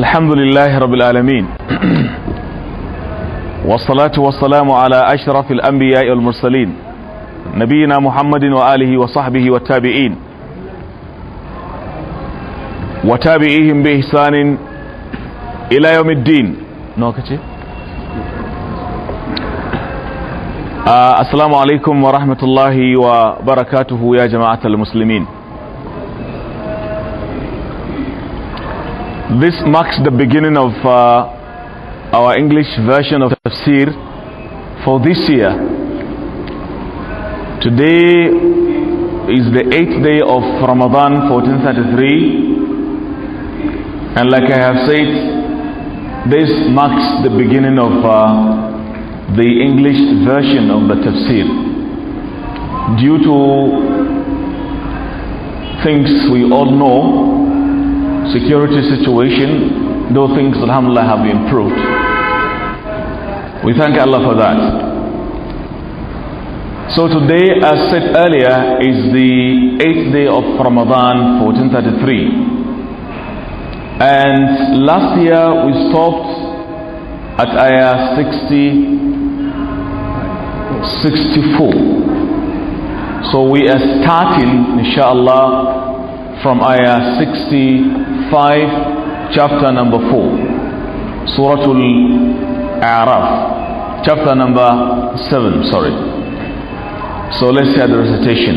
الحمد لله رب العالمين والصلاة والسلام على أشرف الأنبياء والمرسلين نبينا محمد وآله وصحبه والتابعين وتابعيهم بإحسان إلى يوم الدين نوكتي آه، السلام عليكم ورحمة الله وبركاته يا جماعة المسلمين This marks the beginning of uh, our English version of tafsir for this year. Today is the eighth day of Ramadan 1433, and like I have said, this marks the beginning of uh, the English version of the tafsir due to things we all know security situation, though things, alhamdulillah, have improved. We thank Allah for that. So today, as said earlier, is the eighth day of Ramadan 1433. And last year we stopped at ayah 60, 64. So we are starting, inshallah, from ayah 60 5 chapter number 4 surah al-a'raf chapter number 7 sorry so let's hear the recitation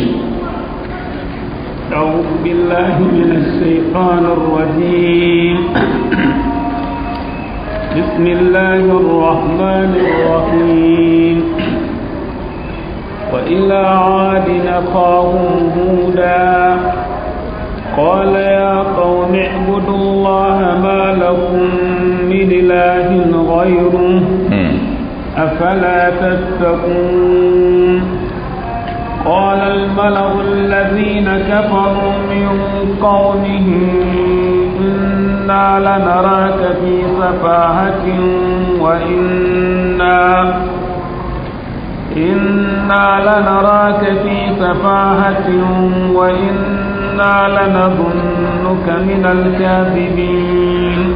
أعوذ بالله من الشيطان الرجيم بسم الله الرحمن الرحيم وإلى عاد نقاهم هودا قال يا قوم اعبدوا الله ما لكم من إله غيره أفلا تتقون قال الملأ الذين كفروا من قومه إنا لنراك في سفاهة وإنا إنا لنراك في سفاهة وإنا كنا لنظنك من الكاذبين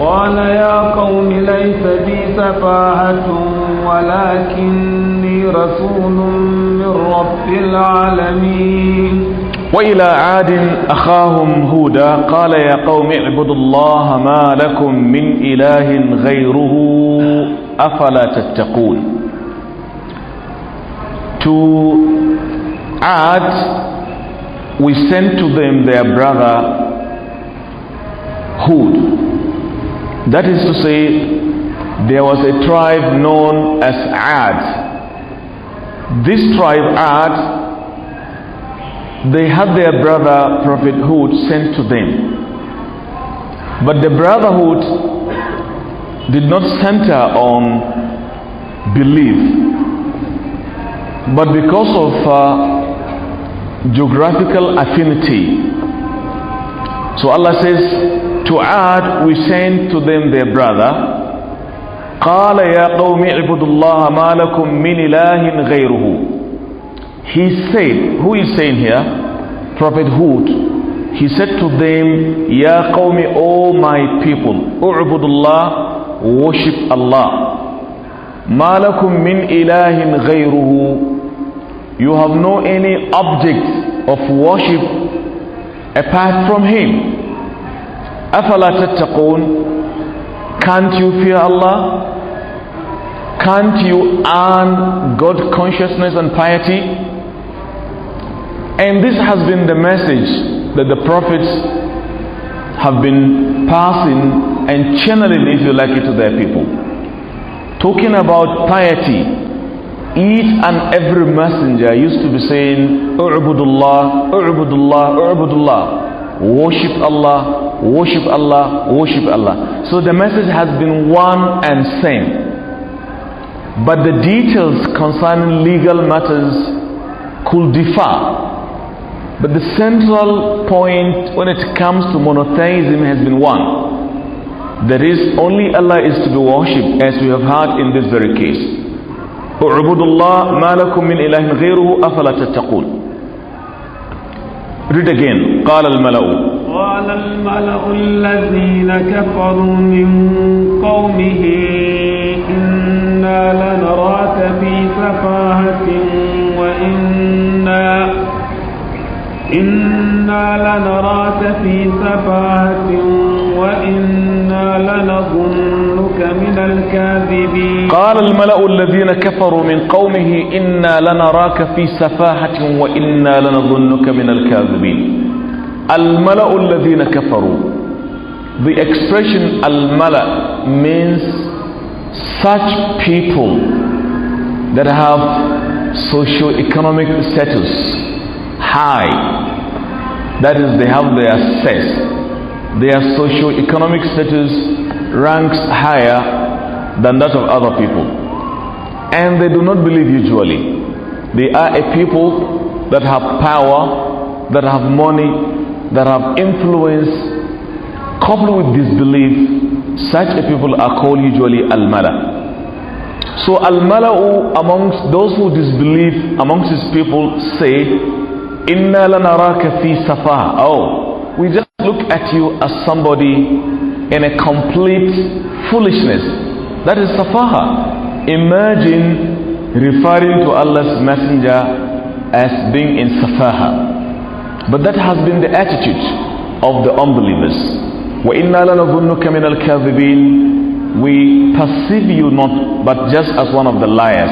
قال يا قوم ليس بي سفاهة ولكني رسول من رب العالمين وإلى عاد أخاهم هودا قال يا قوم اعبدوا الله ما لكم من إله غيره أفلا تتقون To Ad we sent to them their brotherhood. That is to say, there was a tribe known as Ad. This tribe, Ad, they had their brother sent to them. But the brotherhood did not center on belief, but because of uh, geographical affinity. So Allah says, To Ad we send to them their brother. قال يا قوم اعبدوا الله ما لكم من إله غيره He said, who is saying here? Prophet Hud. He said to them, Ya qawmi, O my people, U'budullah, worship Allah. Ma lakum min ilahin ghayruhu you have no any object of worship apart from him can't you fear Allah can't you earn God consciousness and piety and this has been the message that the prophets have been passing and channeling if you like it to their people talking about piety each and every messenger used to be saying, U'budullah, U'budullah, U'budullah. Worship Allah, worship Allah, worship Allah. So the message has been one and same. But the details concerning legal matters could differ. But the central point when it comes to monotheism has been one. There is only Allah is to be worshipped as we have heard in this very case. اعبدوا الله ما لكم من إله غيره أفلا تتقون Read again قال الملأ قال الملأ الذين كفروا من قومه إنا لنراك في سفاهة وإنا إنا لنراك في سفاهة وإنا لنظن نحسبك من الكاذبين قال الملأ الذين كفروا من قومه إنا لنراك في سفاهة وإنا لنظنك من الكاذبين الملأ الذين كفروا The expression al-mala means such people that have socio-economic status high. That is, they have their sex Their socio-economic status ranks higher than that of other people. And they do not believe usually. They are a people that have power, that have money, that have influence. Coupled with disbelief, such a people are called usually al-mala. So Al-Mala'u amongst those who disbelieve amongst his people say, Inna lanaraka fi safa. Oh, we just look at you as somebody in a complete foolishness. That is safaha. Imagine referring to Allah's messenger as being in safaha. But that has been the attitude of the unbelievers. We perceive you not, but just as one of the liars.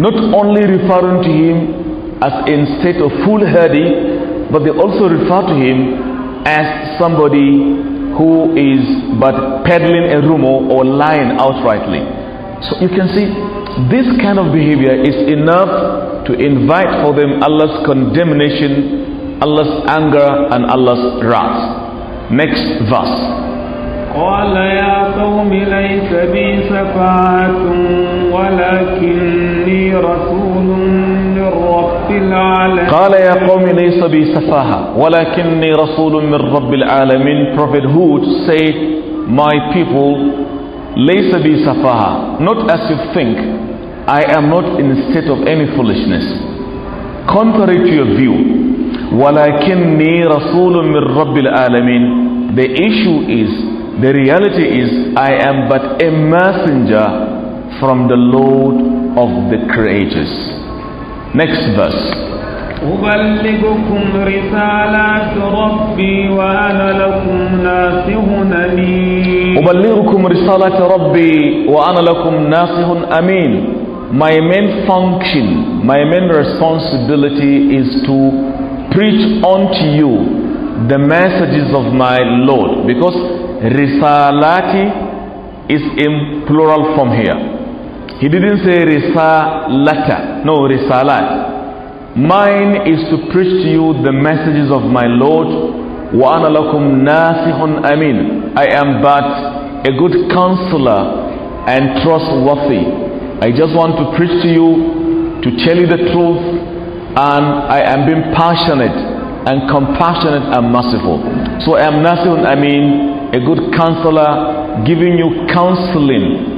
Not only referring to him as in state of foolhardy, but they also refer to him as somebody who is but peddling a rumor or lying outrightly. So you can see this kind of behavior is enough to invite for them Allah's condemnation, Allah's anger, and Allah's wrath. Next verse. قال يا قوم ليس بي سفاهة ولكني رسول قال يا قوم ليس بي سفاهة ولكني رسول من رب العالمين Prophet Hud said my people ليس بي سفاهة not as you think I am not in a state of any foolishness contrary to your view ولكني رسول من رب العالمين the issue is the reality is I am but a messenger from the Lord of the creators Next verse. أبلغكم رسالات ربي وأنا لكم ناصح أمين أبلغكم رسالة ربي وأنا لكم ناصح أمين My main function, my main responsibility is to preach unto you the messages of my Lord because risalati is in plural form here. He didn't say risalata. No, risalat. Mine is to preach to you the messages of my Lord. Wa ana lakum nasihun amin. I am but a good counselor and trustworthy. I just want to preach to you, to tell you the truth, and I am being passionate and compassionate and merciful. So I am nasihun amin, a good counselor, giving you counseling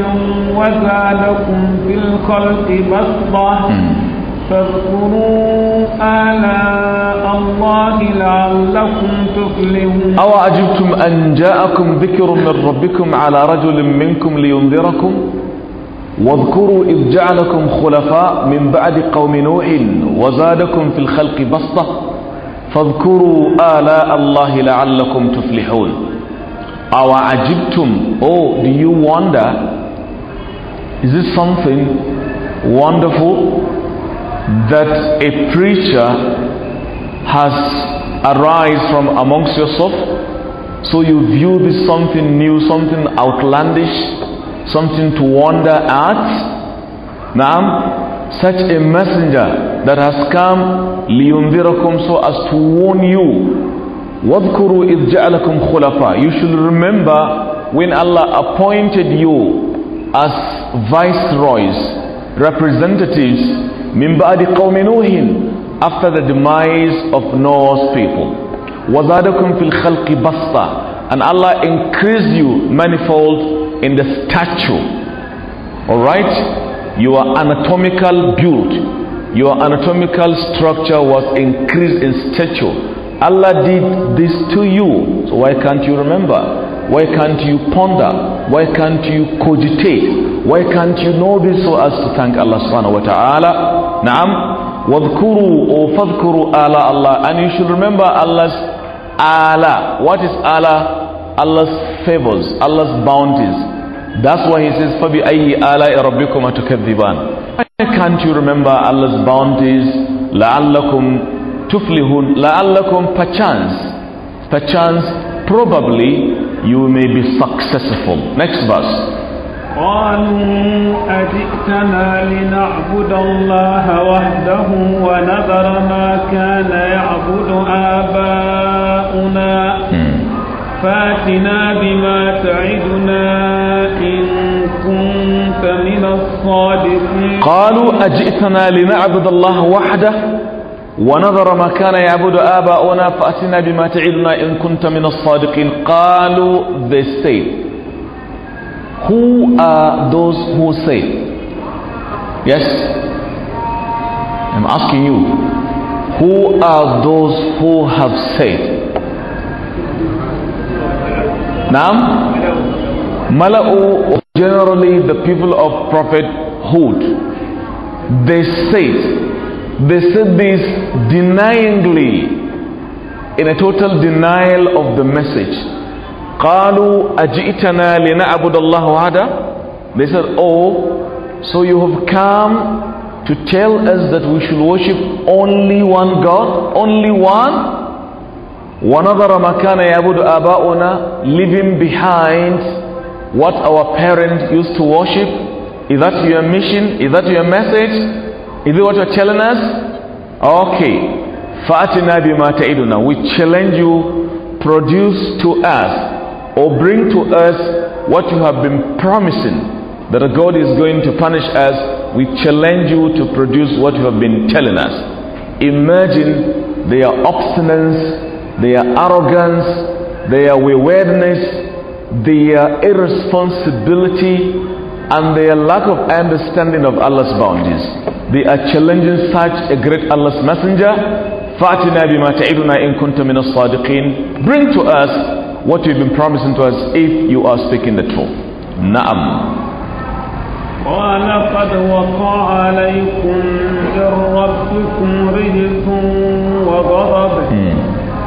وجه وزادكم في الخلق بسطة فاذكروا آلاء الله لعلكم تفلحون أو عجبتم أن جاءكم ذكر من ربكم على رجل منكم لينذركم واذكروا إذ جعلكم خلفاء من بعد قوم نوح وزادكم في الخلق بسطة فاذكروا آلاء الله لعلكم تفلحون أو عجبتم أو Oh, do you wonder Is this something wonderful that a preacher has arise from amongst yourself? So you view this something new, something outlandish, something to wonder at? Now, such a messenger that has come لِيُنذِرَكُمْ so as to warn you وَاذْكُرُوا إِذْ جَعَلَكُمْ خُلَفَاءَ You should remember when Allah appointed you as viceroys, representatives, من بعد after the demise of Noah's people. وزادكم fil الخلق Basta, and Allah increase you manifold in the stature. Alright? Your anatomical build, your anatomical structure was increased in stature. Allah did this to you, so why can't you remember? Why can't you ponder? Why can't you cogitate? Why can't you know this so as to thank Allah subhanahu wa ta'ala? Naam. Wadhkuru or fadhkuru Allah Allah. And you should remember Allah's Allah. What is Allah? Allah's favors, Allah's bounties. That's why he says, فَبِأَيِّ Ala رَبِّكُمَا تُكَذِّبَانِ Why can't you remember Allah's bounties? لَعَلَّكُمْ تُفْلِهُونَ لَعَلَّكُمْ perchance. Perchance, probably, you may be successful. Next verse. قالوا أجئتنا لنعبد الله وحده ونذر ما كان يعبد آباؤنا hmm. فاتنا بما تعدنا إن كنت من الصادقين قالوا أجئتنا لنعبد الله وحده ونظر ما كان يعبد آباؤنا فأتنا بما تعدنا إن كنت من الصادقين قالوا they say who are those who say yes I'm asking you who are those who have said Naam Mala'u generally the people of prophethood they said they said this denyingly, in a total denial of the message. قالوا أجئتنا لنعبد الله وحده They said, oh, so you have come to tell us that we should worship only one God, only one? ونظر ما كان يعبد آباؤنا leaving behind what our parents used to worship. Is that your mission? Is that your message? Is it what you're telling us? Okay. Fatina bima We challenge you, produce to us or bring to us what you have been promising that God is going to punish us. We challenge you to produce what you have been telling us. Imagine their obstinance, their arrogance, their waywardness, their irresponsibility, and their lack of understanding of Allah's boundaries. They are challenging such a great Allah's messenger. فَأْتِنَا بِمَا تَعِدُنَا إِن كُنْتَ مِنَ الصَّادِقِينَ Bring to us what you've been promising to us if you are speaking the truth. Naam. ولقد وقع عليكم من ربكم رجس وغضب hmm.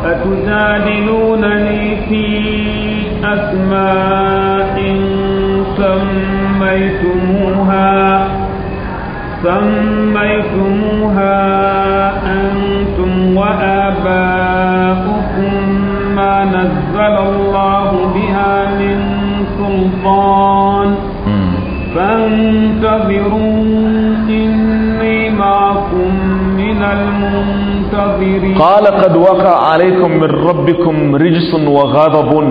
أتجادلونني في أسماء سماء سميتموها سميتموها أنتم وآباؤكم ما نزل الله بها من سلطان فانتظروا إني معكم من المنتظرين قال قد وقع عليكم من ربكم رجس وغضب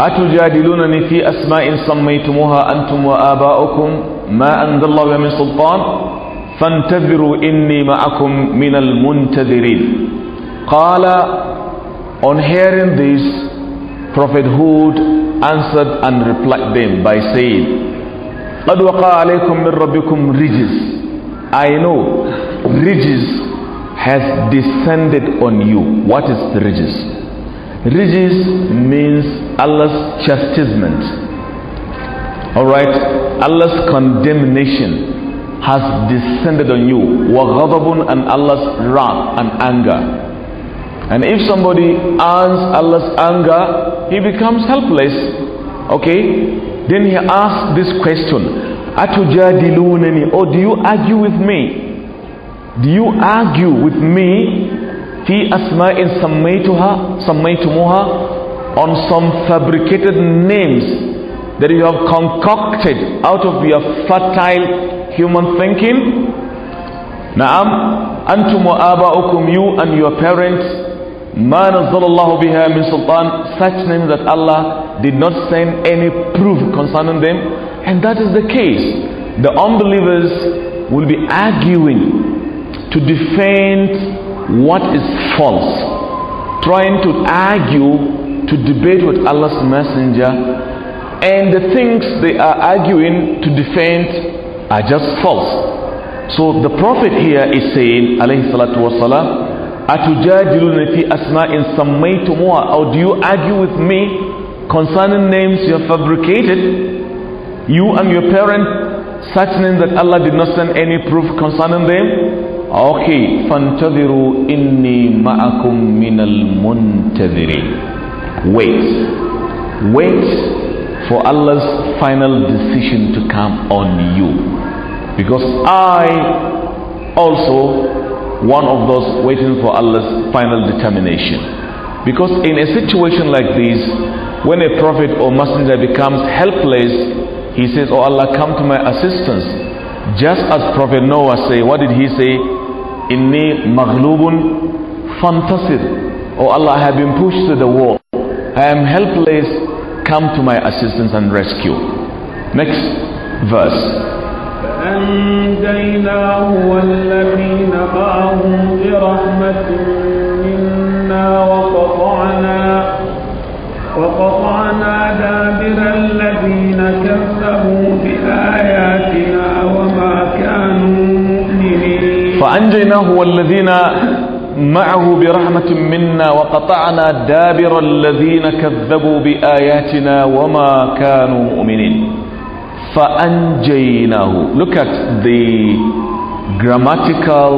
أتجادلونني في أسماء سميتموها أنتم وآباؤكم ما أنزل الله من سلطان فانتظروا إني معكم من المنتظرين قال on hearing this Prophet Hud answered and replied them by saying قد وقع عليكم من ربكم رجز I know رِجِزْ has descended on you. What is the رِجِزْ? Rijis means Allah's chastisement. Alright? Allah's condemnation has descended on you. Wa and Allah's wrath and anger. And if somebody earns Allah's anger, he becomes helpless. Okay? Then he asks this question Atujadilunani, or do you argue with me? Do you argue with me في أسماء سميتها سميتموها on some fabricated names that you have concocted out of your fertile human thinking antum أنتم وآباؤكم you and your parents ما نزل الله min sultan, such names that Allah did not send any proof concerning them and that is the case the unbelievers will be arguing to defend what is false, trying to argue, to debate with Allah's Messenger, and the things they are arguing to defend are just false. So the Prophet here is saying, alayhi salatu wasalam, أتجادلون في أسماء سميتموها or do you argue with me concerning names you have fabricated you and your parent such names that Allah did not send any proof concerning them Okay, فَانْتَذِرُوا إِنِّي مَعَكُمْ مِنَ الْمُنْتَذِرِينَ Wait. Wait for Allah's final decision to come on you. Because I also one of those waiting for Allah's final determination. Because in a situation like this, when a prophet or messenger becomes helpless, he says, Oh Allah, come to my assistance. Just as Prophet Noah said, what did he say? Inni maghlubun fantasir. Oh Allah, I have been pushed to the wall. I am helpless. Come to my assistance and rescue. Next verse. وقطعنا دابر الذين كذبوا فَأَنْجَيْنَاهُ والذين معه برحمة منا وقطعنا دابر الذين كذبوا بآياتنا وما كانوا مؤمنين فأنجيناه Look at the grammatical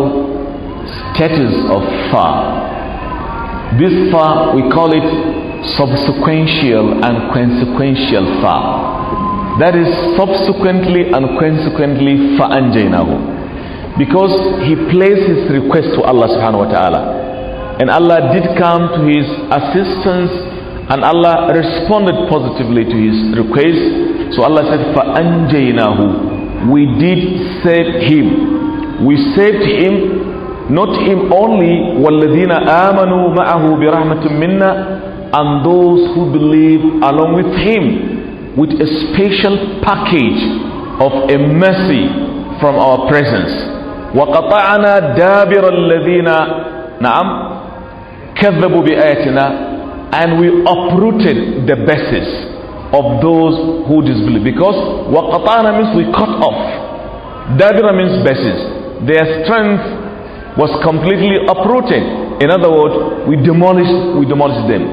status of fa. This fa, we call it subsequential and consequential fa. That is subsequently and consequently فَأَنْجَيْنَاهُ because he placed his request to Allah subhanahu wa ta'ala and Allah did come to his assistance and Allah responded positively to his request so Allah said فَأَنْجَيْنَاهُ we did save him we saved him not him only وَالَّذِينَ آمَنُوا مَعَهُ بِرَحْمَةٍ مِنَّا and those who believe along with him with a special package of a mercy from our presence وقطعنا دابر الذين نعم كذبوا بآياتنا and we uprooted the basis of those who disbelieve because وقطعنا means we cut off دابر means basis their strength was completely uprooted in other words we demolished we demolished them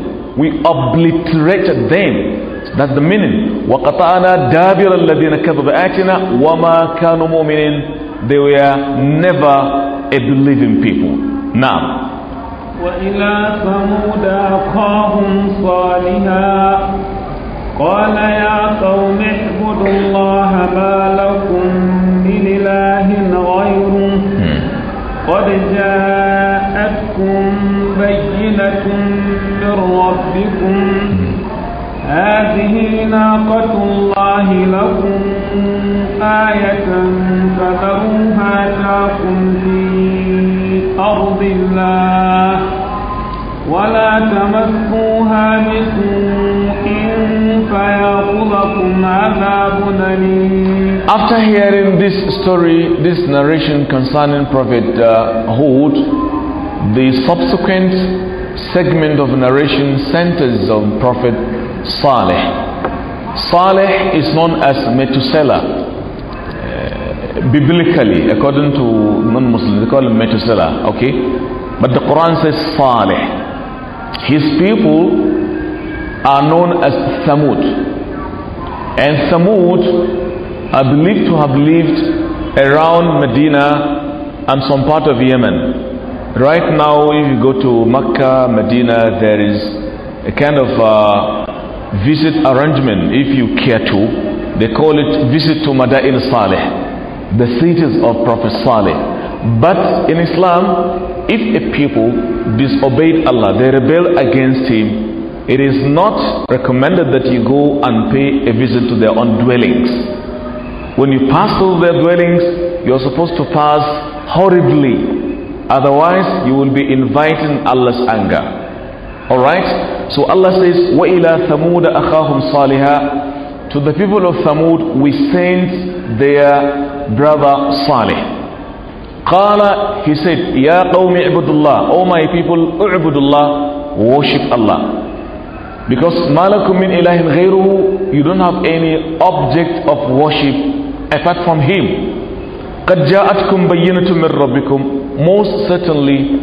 we obliterated them That's the meaning. وَقَطَعْنَا دَابِرَ الَّذِينَ كَذَبُوا آتِنَا وَمَا كَانُوا مُؤْمِنِينَ they were never a believing people Now, وإلى ثمود أخاهم صالحا قال يا قوم اعبدوا الله ما لكم من إله غيره قد جاءتكم بينة من ربكم هذه ناقة الله لكم آية فذروها تاكم في أرض الله ولا تمسوها بسوء فيأخذكم عذاب أليم After hearing this story, this narration concerning Prophet uh, Hud, the subsequent segment of narration centers on Prophet Saleh. Saleh is known as Methuselah. Uh, biblically, according to non-Muslims, they call him Methuselah. Okay, but the Quran says Saleh. His people are known as Thamud, and Thamud are believed to have lived around Medina and some part of Yemen. Right now, if you go to Mecca, Medina, there is a kind of uh, visit arrangement if you care to. They call it visit to Madain Saleh, the cities of Prophet Saleh. But in Islam, if a people disobeyed Allah, they rebel against Him, it is not recommended that you go and pay a visit to their own dwellings. When you pass through their dwellings, you're supposed to pass horribly. Otherwise, you will be inviting Allah's anger. Alright? So Allah says, وَإِلَى ثَمُودَ أَخَاهُمْ صَالِحًا To the people of Thamud, we sent their brother Salih. قال he said يا قوم اعبدوا الله O my people اعبدوا الله worship Allah because ما لكم من إله غيره you don't have any object of worship apart from him قد جاءتكم بينة من ربكم most certainly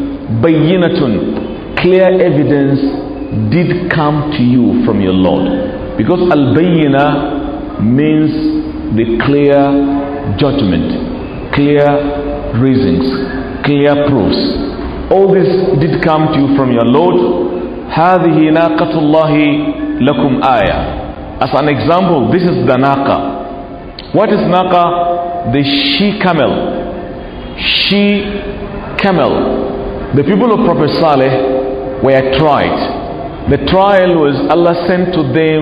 بينة clear evidence did come to you from your Lord. Because al bayyina means the clear judgment, clear reasons, clear proofs. All this did come to you from your Lord. هذه ناقة الله لكم آية. As an example, this is the naqa. What is naqa? The she camel. She camel. The people of Prophet Saleh were tried. The trial was Allah sent to them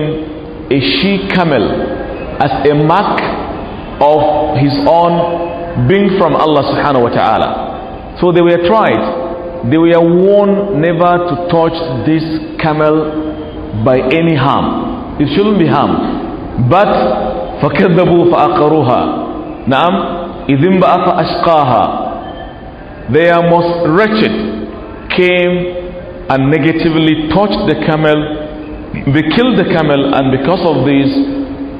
a she camel as a mark of his own being from Allah subhanahu wa ta'ala. So they were tried. They were warned never to touch this camel by any harm. It shouldn't be harmed. But فَكَذَّبُوا فَأَقَرُوهَا نعم إِذِنْ بَأَفَ أَشْقَاهَا Their most wretched came and negatively touched the camel, they killed the camel, and because of this,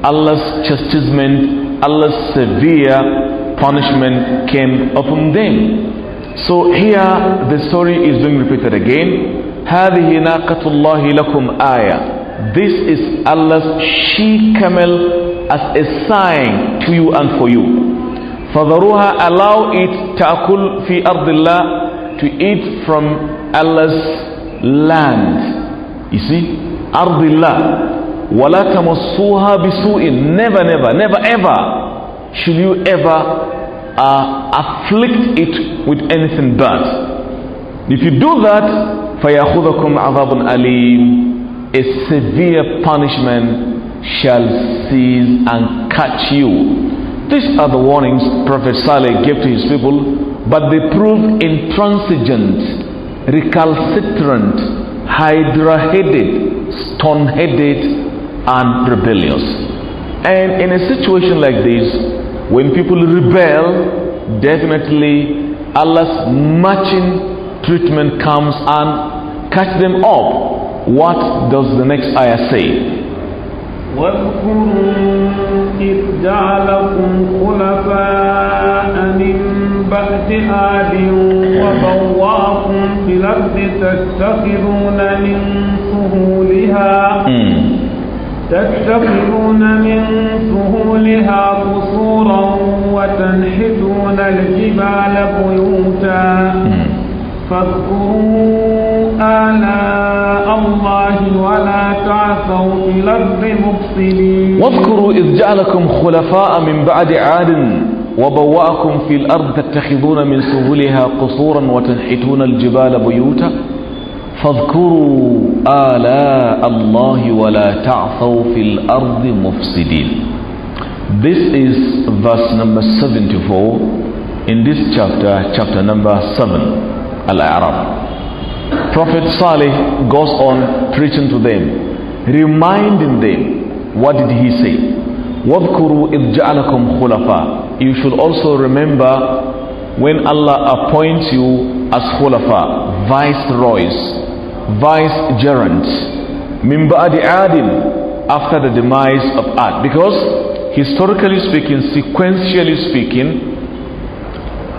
Allah's chastisement, Allah's severe punishment came upon them. So here the story is being repeated again. This is Allah's she camel as a sign to you and for you. فَذَرُوهَا Allow it ta'kul fi أَرْضِ To eat from Allah's land. You see? Ardillah. Wala tamassuha bisu'in. Never, never, never, ever should you ever uh, afflict it with anything bad. If you do that, فَيَأْخُذَكُمْ عَذَابٌ أَلِيمٌ A severe punishment shall seize and catch you. These are the warnings Prophet Saleh gave to his people, but they proved intransigent recalcitrant, hydra headed, stone headed, and rebellious. And in a situation like this, when people rebel, definitely Allah's matching treatment comes and catch them up. What does the next ayah say? واذكروا إذ جعلكم خلفاء من بأس آل وطواكم في الأرض تتخذون من سهولها تتخذون من سهولها قصورا وتنحتون الجبال بيوتا فاذكروا آلاء الله ولا تعثوا في الأرض مفسدين واذكروا إذ جعلكم خلفاء من بعد عاد وبوأكم في الأرض تتخذون من سهولها قصورا وتنحتون الجبال بيوتا فاذكروا آلاء الله ولا تعثوا في الأرض مفسدين This is verse number 74 in this chapter, chapter number 7, Al-Arab. Prophet Saleh goes on preaching to them, reminding them, what did he say? وَذْكُرُوا إِذْ جَعَلَكُمْ خُلَفَاءَ you should also remember when Allah appoints you as khulafa, viceroys, gerents, min Adi adin, after the demise of Ad. Because historically speaking, sequentially speaking,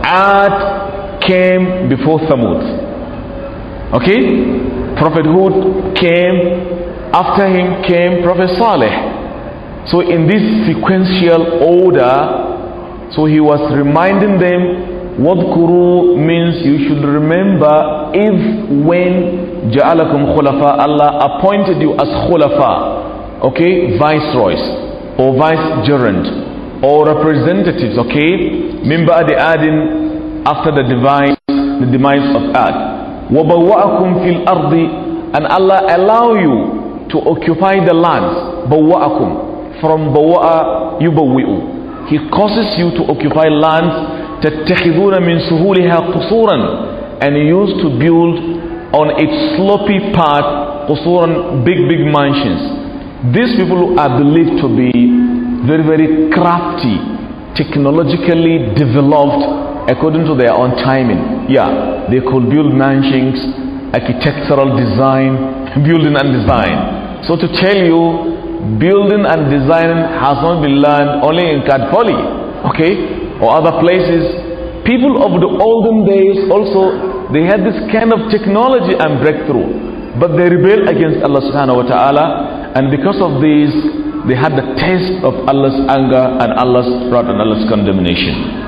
Ad came before Thamud. Okay? Prophet Hud came, after him came Prophet Saleh. So in this sequential order, so he was reminding them what kuru means you should remember if when Ja'alakum Khulafa Allah appointed you as Khulafa, okay, viceroys or vicegerent or representatives, okay, member the adin after the demise, the demise of Ad. وَبَوَّأَكُمْ fil ardi, and Allah allow you to occupy the lands, bawa'akum from بَوَّأَ يُبَوِّئُ he causes you to occupy lands تَتَّخِذُونَ مِنْ سُهُولِهَا قُصُورًا And he used to build on its sloppy part قُصُورًا big big mansions. These people are believed to be very very crafty, technologically developed according to their own timing. Yeah, they could build mansions, architectural design, building and design. So to tell you building and designing has not been learned only in Kadpoli, okay, or other places. People of the olden days also, they had this kind of technology and breakthrough, but they rebelled against Allah subhanahu wa ta'ala, and because of this, they had the taste of Allah's anger and Allah's wrath and Allah's condemnation.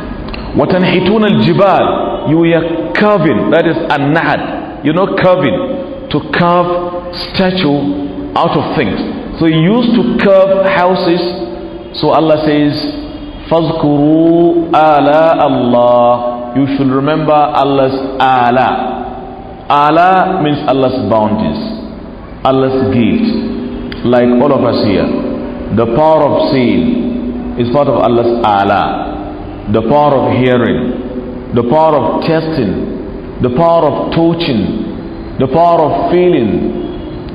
وَتَنْحِتُونَ الْجِبَالِ You were carving—that that is an you know carving to carve statue out of things. So he used to curve houses. So Allah says, Fazkuru ala Allah. You should remember Allah's ala. Allah means Allah's bounties, Allah's gifts. Like all of us here. The power of seeing is part of Allah's ala. The power of hearing, the power of tasting, the power of touching, the power of feeling,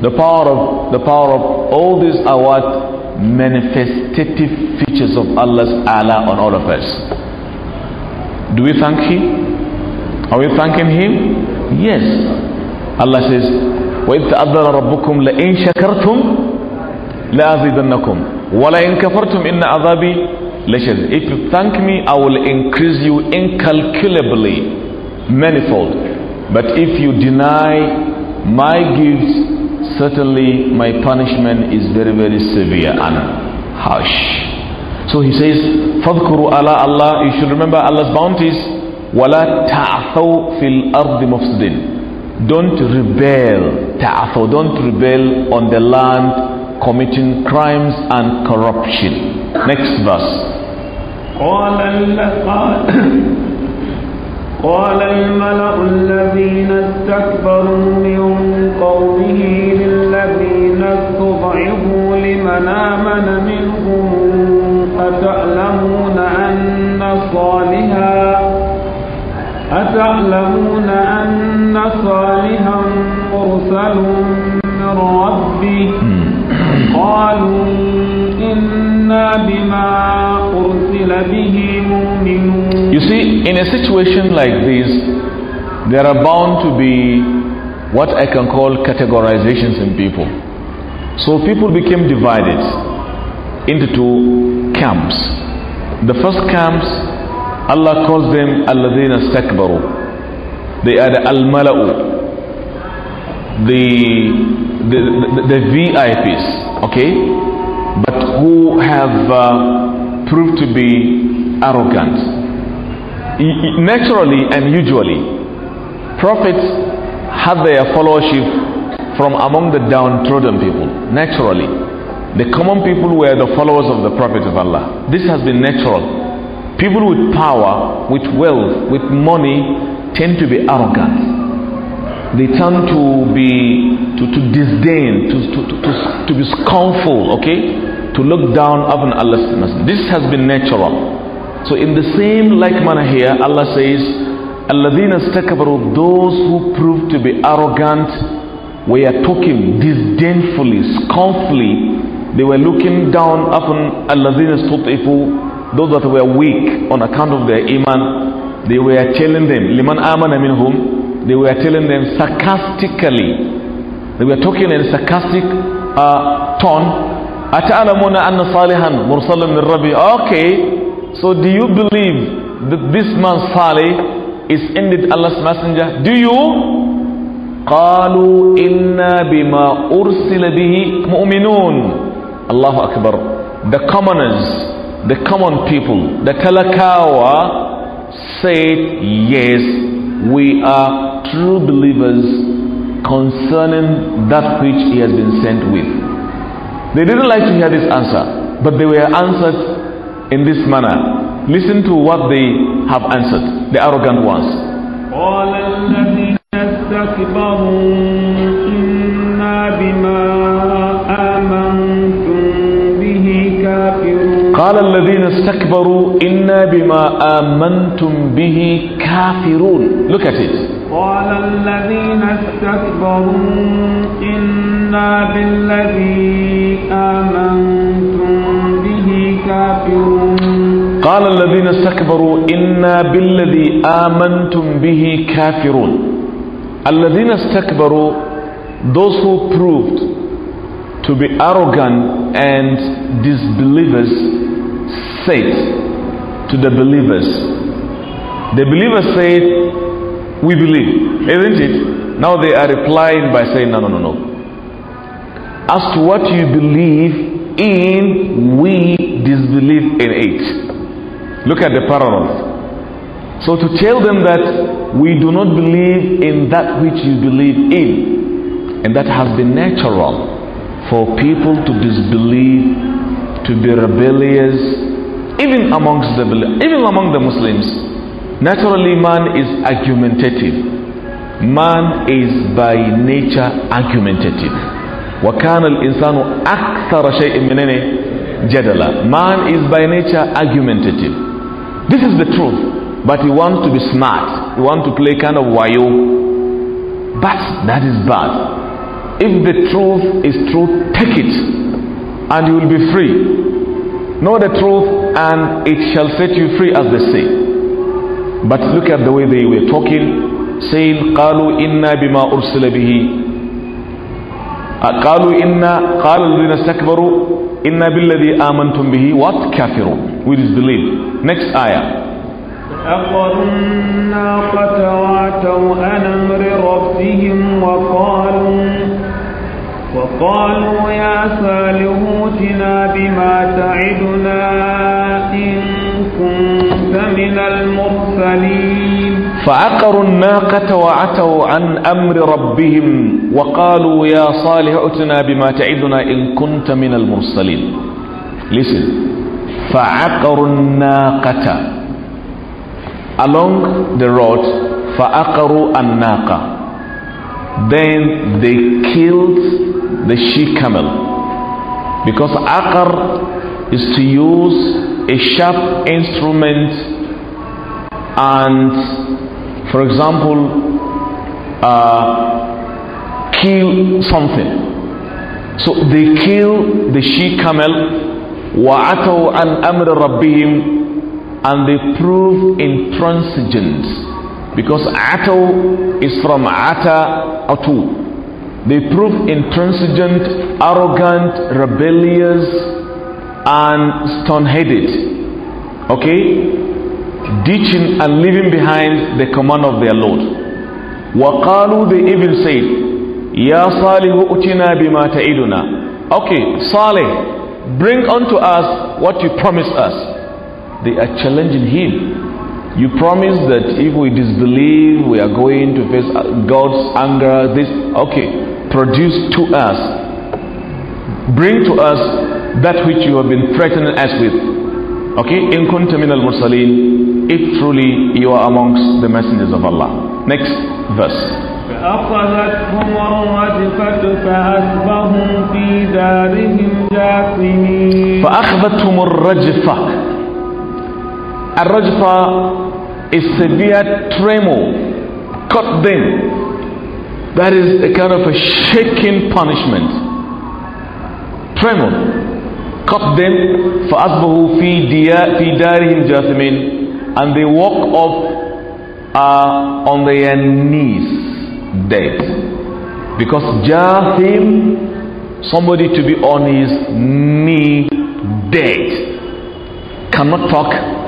the power of the power of all these are what manifestative features of Allah's Allah on all of us. Do we thank Him? Are we thanking Him? Yes. Allah says, وَإِذْ تَأَذَّنَ رَبُّكُمْ لَإِن شَكَرْتُمْ wa وَلَإِن كَفَرْتُمْ إِنَّ عَذَابِي لشد. If you thank me, I will increase you incalculably, manifold. But if you deny my gifts, certainly my punishment is very, very severe and harsh. So he says, فَذْكُرُوا Allah Allah, you should remember Allah's bounties. ولا fil ardim فِي الْأَرْضِ مُفْسِدِينَ Don't rebel, ta'athaw, don't rebel on the land committing crimes and corruption. Next verse. قال الملأ الذين استكبروا من قومه قالوا إنا بما أرسل به مؤمنون You see, in a situation like this, there are bound to be what I can call categorizations in people. So people became divided into two camps. The first camps, Allah calls them Alladhina Stakbaru. They are the Al-Mala'u, the, the, the, the VIPs, okay, but who have uh, proved to be arrogant. Naturally and usually, prophets have their followership from among the downtrodden people. Naturally, the common people were the followers of the Prophet of Allah. This has been natural. People with power, with wealth, with money tend to be arrogant they tend to be to, to disdain, to, to, to, to, be scornful, okay? To look down upon Allah's This has been natural. So in the same like manner here, Allah says, Alladhina stakabaru, those who prove to be arrogant, were talking disdainfully, scornfully. They were looking down upon Alladhina those that were weak on account of their iman. They were telling them, liman amana minhum, they were telling them sarcastically. They were talking in sarcastic uh, tone. أَتَعْلَمُونَ أَنَّ صَالِحًا مُرْسَلًا مِنْ Rabbi. Okay, so do you believe that this man Salih is indeed Allah's messenger? Do you? قَالُوا إِنَّا بِمَا أُرْسِلَ بِهِ مُؤْمِنُونَ Allahu Akbar. The commoners, the common people, the kalakawa said yes we are true believers concerning that which he has been sent with. They didn't like to hear this answer, but they were answered in this manner. Listen to what they have answered, the arrogant ones. قال الذين استكبروا إنا بما آمنتم به كافرون Look at it قال الذين استكبروا إنا بالذي آمنتم به كافرون قال الذين استكبروا إنا بالذي آمنتم به كافرون الذين استكبروا those who proved to be arrogant and disbelievers said to the believers. The believers said, We believe, isn't it? Now they are replying by saying, No, no, no, no. As to what you believe in, we disbelieve in it. Look at the parallels. So to tell them that we do not believe in that which you believe in, and that has been natural for people to disbelieve to be rebellious even amongst the even among the Muslims. Naturally, man is argumentative. Man is by nature argumentative. وكان الإنسان أكثر شيء من جدلا. Man is by nature argumentative. This is the truth, but he wants to be smart. He wants to play kind of wayo. But that is bad. If the truth is true, take it and you will be free. Know the truth and it shall set you free, as they say. But look at the way they were talking, saying, قالوا إنا بما أرسل به قالوا إنا قال الذين استكبروا إنا بالذي آمنتم به what كافرون we disbelieve next ayah الناقة وعتوا عن أمر ربهم وقالوا وقالوا يا صالح اوتنا بما تعدنا إن كنت من المرسلين فعقروا الناقة وعتوا عن أمر ربهم وقالوا يا صالح اوتنا بما تعدنا إن كنت من المرسلين listen فعقروا الناقة along the road فعقروا الناقة then they killed the she camel because akar is to use a sharp instrument and for example uh, kill something so they kill the she camel وَعَتَوْا عَنْ أَمْرِ رَبِّهِمْ and they prove intransigent because ato is from ata atu. They prove intransigent, arrogant, rebellious, and stone headed. Okay? Ditching and leaving behind the command of their Lord. Waqalu they even said, Ya Salih utina bima ta'iduna. Okay, Salih, bring unto us what you promised us. They are challenging him you promise that if we disbelieve, we are going to face uh, God's anger. This, okay, produce to us, bring to us that which you have been threatening us with. Okay, in kuntum minal mursalin, if truly you are amongst the messengers of Allah. Next verse. فأخذتهم الرجفة فأصبحوا في دارهم جاثمين فأخذتهم الرجفة a rajfa is severe tremor, cut them. That is a kind of a shaking punishment. Tremor, cut them. فَأَصْبَهُ فِي, ديا, في دَارِهِمْ And they walk up uh, on their knees, dead. Because Jathim, somebody to be on his knee, dead cannot talk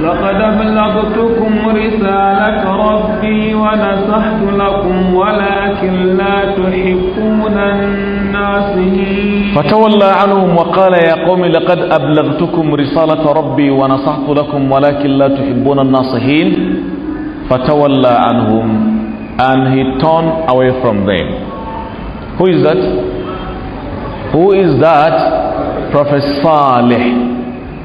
لقد أبلغتكم رسالة ربي ونصحت لكم ولكن لا تحبون الناصحين فتولى عنهم وقال يا قوم لقد أبلغتكم رسالة ربي ونصحت لكم ولكن لا تحبون الناصحين فتولى عنهم and he turned away from them who is that who is that prophet Saleh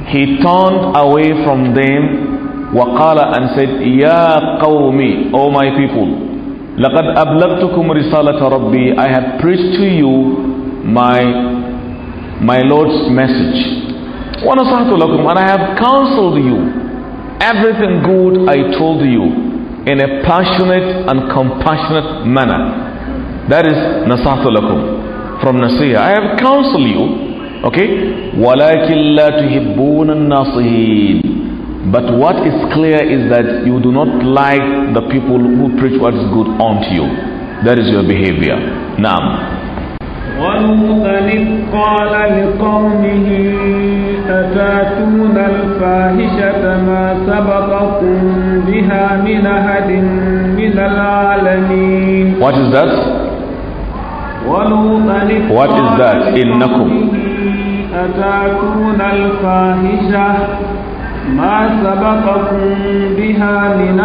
he turned away from them وقال and said يا قومي O my people لقد أبلغتكم رسالة ربي I have preached to you my my Lord's message ونصحت لكم and I have counseled you everything good I told you in a passionate and compassionate manner that is نصحت لكم from نصيحة I have counseled you Okay? la لَا تُحِبُّونَ النَّاصِحِينَ But what is clear is that you do not like the people who preach what is good unto you. That is your behavior. Now. ولوطا إذ قال لقومه أتاتون الفاحشة ما سبقكم بها من أحد من العالمين What is that? ولوطا إذ What is that? إنكم أتاتون الفاحشة ما سبقكم بها من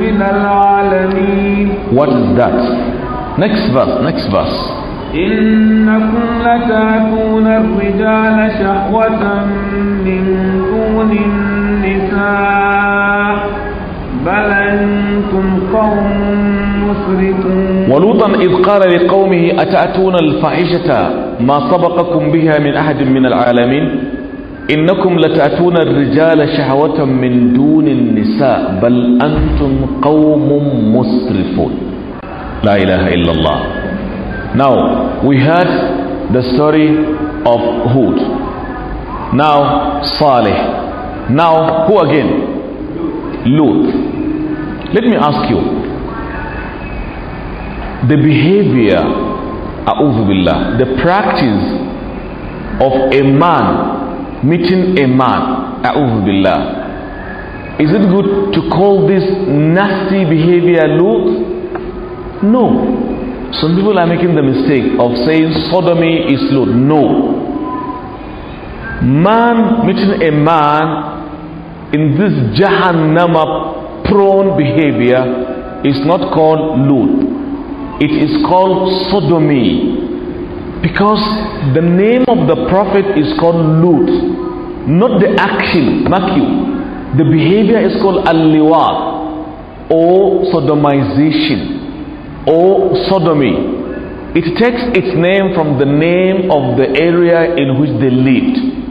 من العالمين What is that? Next verse, next verse. إنكم لتأتون الرجال شهوة من دون النساء ولوطا إذ قال لقومه أتأتون الفاحشة ما سبقكم بها من أحد من العالمين إنكم لتأتون الرجال شهوة من دون النساء بل أنتم قوم مسرفون لا إله إلا الله Now we heard the story of Hud Now Saleh Now who again? Lut Let me ask you. The behavior, billah, the practice of a man meeting a man, billah, is it good to call this nasty behavior loot? No. Some people are making the mistake of saying sodomy is loot. No. Man meeting a man in this jahannam prone behavior is not called lewd, it is called sodomy because the name of the prophet is called lewd, not the action, mark you. The behavior is called al-liwat or sodomization or sodomy. It takes its name from the name of the area in which they lived.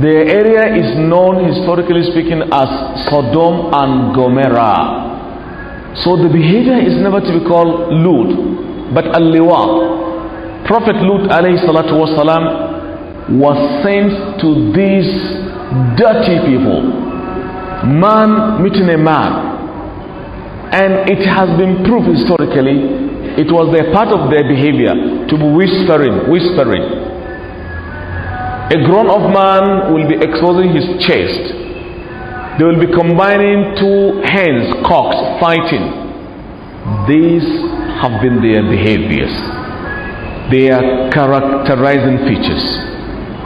The area is known, historically speaking, as Sodom and Gomorrah. So the behavior is never to be called Lut, but al Prophet Lut alayhi was sent to these dirty people. Man meeting a man. And it has been proved historically, it was their part of their behavior to be whispering, whispering a grown up man will be exposing his chest. They will be combining two hands, cocks, fighting. These have been their behaviors, their characterizing features.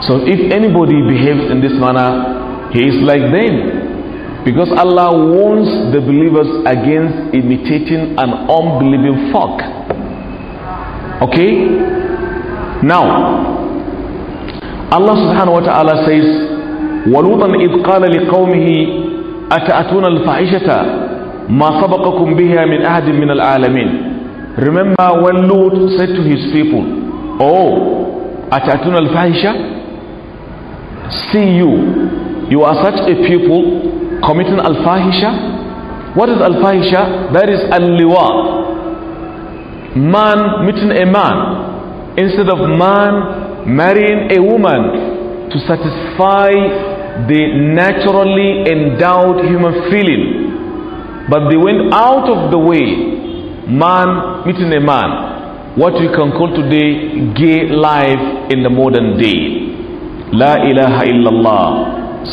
So if anybody behaves in this manner, he is like them. Because Allah warns the believers against imitating an unbelieving folk. Okay? Now, Allah subhanahu wa ta'ala says, ولوطا إذ قال لقومه أتأتون الفاحشة ما سبقكم بها من أحد من العالمين Remember when Lut said to his people, Oh, أتأتون الفاحشة See you, you are such a people committing al-fahisha. What is al-fahisha? That is al-liwa. Man meeting a man instead of man marrying a woman to satisfy the naturally endowed human feeling. But they went out of the way, man meeting a man, what we can call today gay life in the modern day. La ilaha illallah.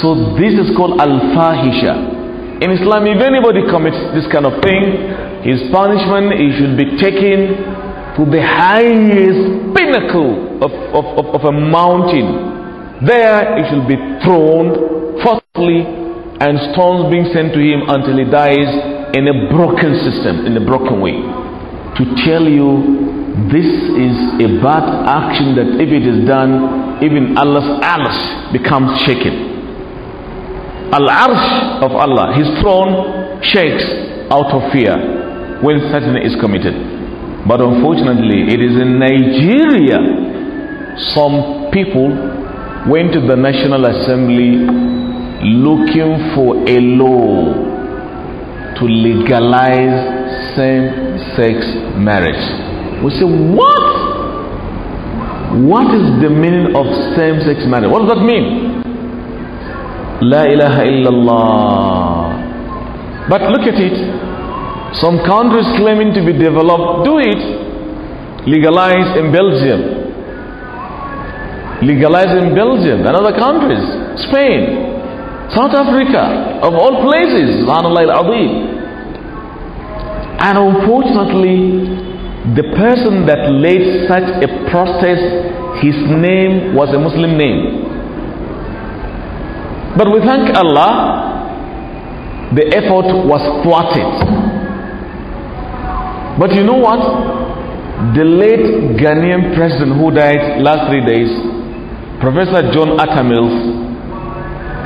So this is called al-fahisha. In Islam, if anybody commits this kind of thing, his punishment he should be taken to the highest pinnacle of, of, of, of a mountain. There he shall be thrown forcefully and stones being sent to him until he dies in a broken system, in a broken way. To tell you this is a bad action that if it is done, even Allah's arsh becomes shaken. Al arsh of Allah, his throne shakes out of fear when such is committed. But unfortunately, it is in Nigeria some people went to the National Assembly looking for a law to legalize same sex marriage. We say, What? What is the meaning of same sex marriage? What does that mean? La ilaha illallah. But look at it. Some countries claiming to be developed do it. Legalize in Belgium legalized in Belgium and other countries, Spain, South Africa, of all places, and unfortunately, the person that laid such a protest, his name was a Muslim name. But we thank Allah, the effort was thwarted. But you know what? The late Ghanaian president who died last three days Professor John Attamills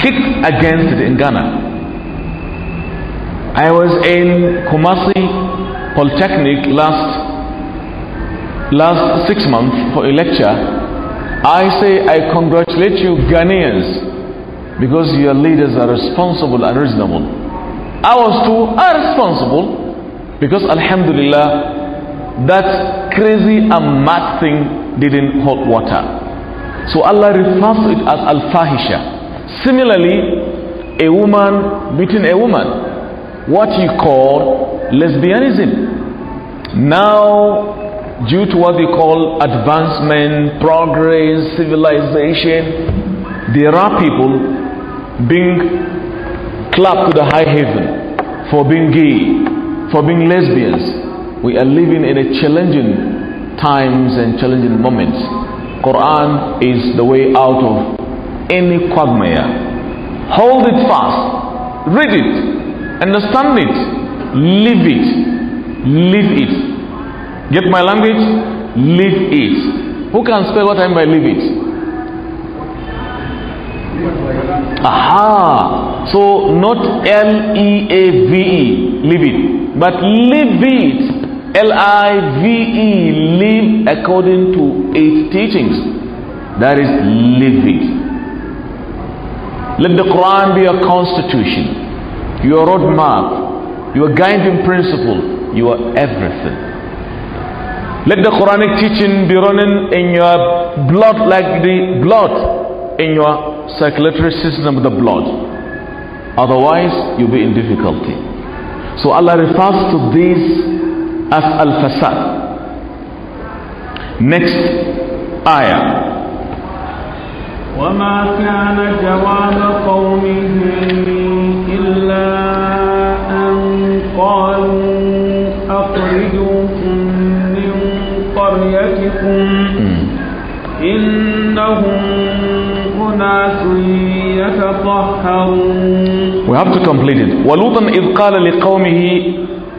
kicked against it in Ghana. I was in Kumasi Polytechnic last last six months for a lecture. I say I congratulate you Ghanaians because your leaders are responsible and reasonable. Ours too are responsible because Alhamdulillah that crazy and mad thing didn't hold water. So Allah refers to it as al-fahisha. Similarly, a woman beating a woman, what you call lesbianism. Now, due to what you call advancement, progress, civilization, there are people being clapped to the high heaven for being gay, for being lesbians. We are living in a challenging times and challenging moments. Quran is the way out of any quagmire. Hold it fast. Read it. Understand it. Live it. Live it. Get my language? Live it. Who can spell what I mean by live it? Aha. So not L E A V E, live it, but live it. L-I-V-E, live according to its teachings. That is, live Let the Quran be your constitution, your roadmap, your guiding principle, your everything. Let the Quranic teaching be running in your blood like the blood in your circulatory system of the blood. Otherwise, you'll be in difficulty. So Allah refers to this as al-fasad next ayah وما كان جواب قومه إلا أن قالوا أخرجوكم من قريتكم hmm. إنهم أناس يتطهرون We have to complete it. وَلُوطًا إِذْ قَالَ لِقَوْمِهِ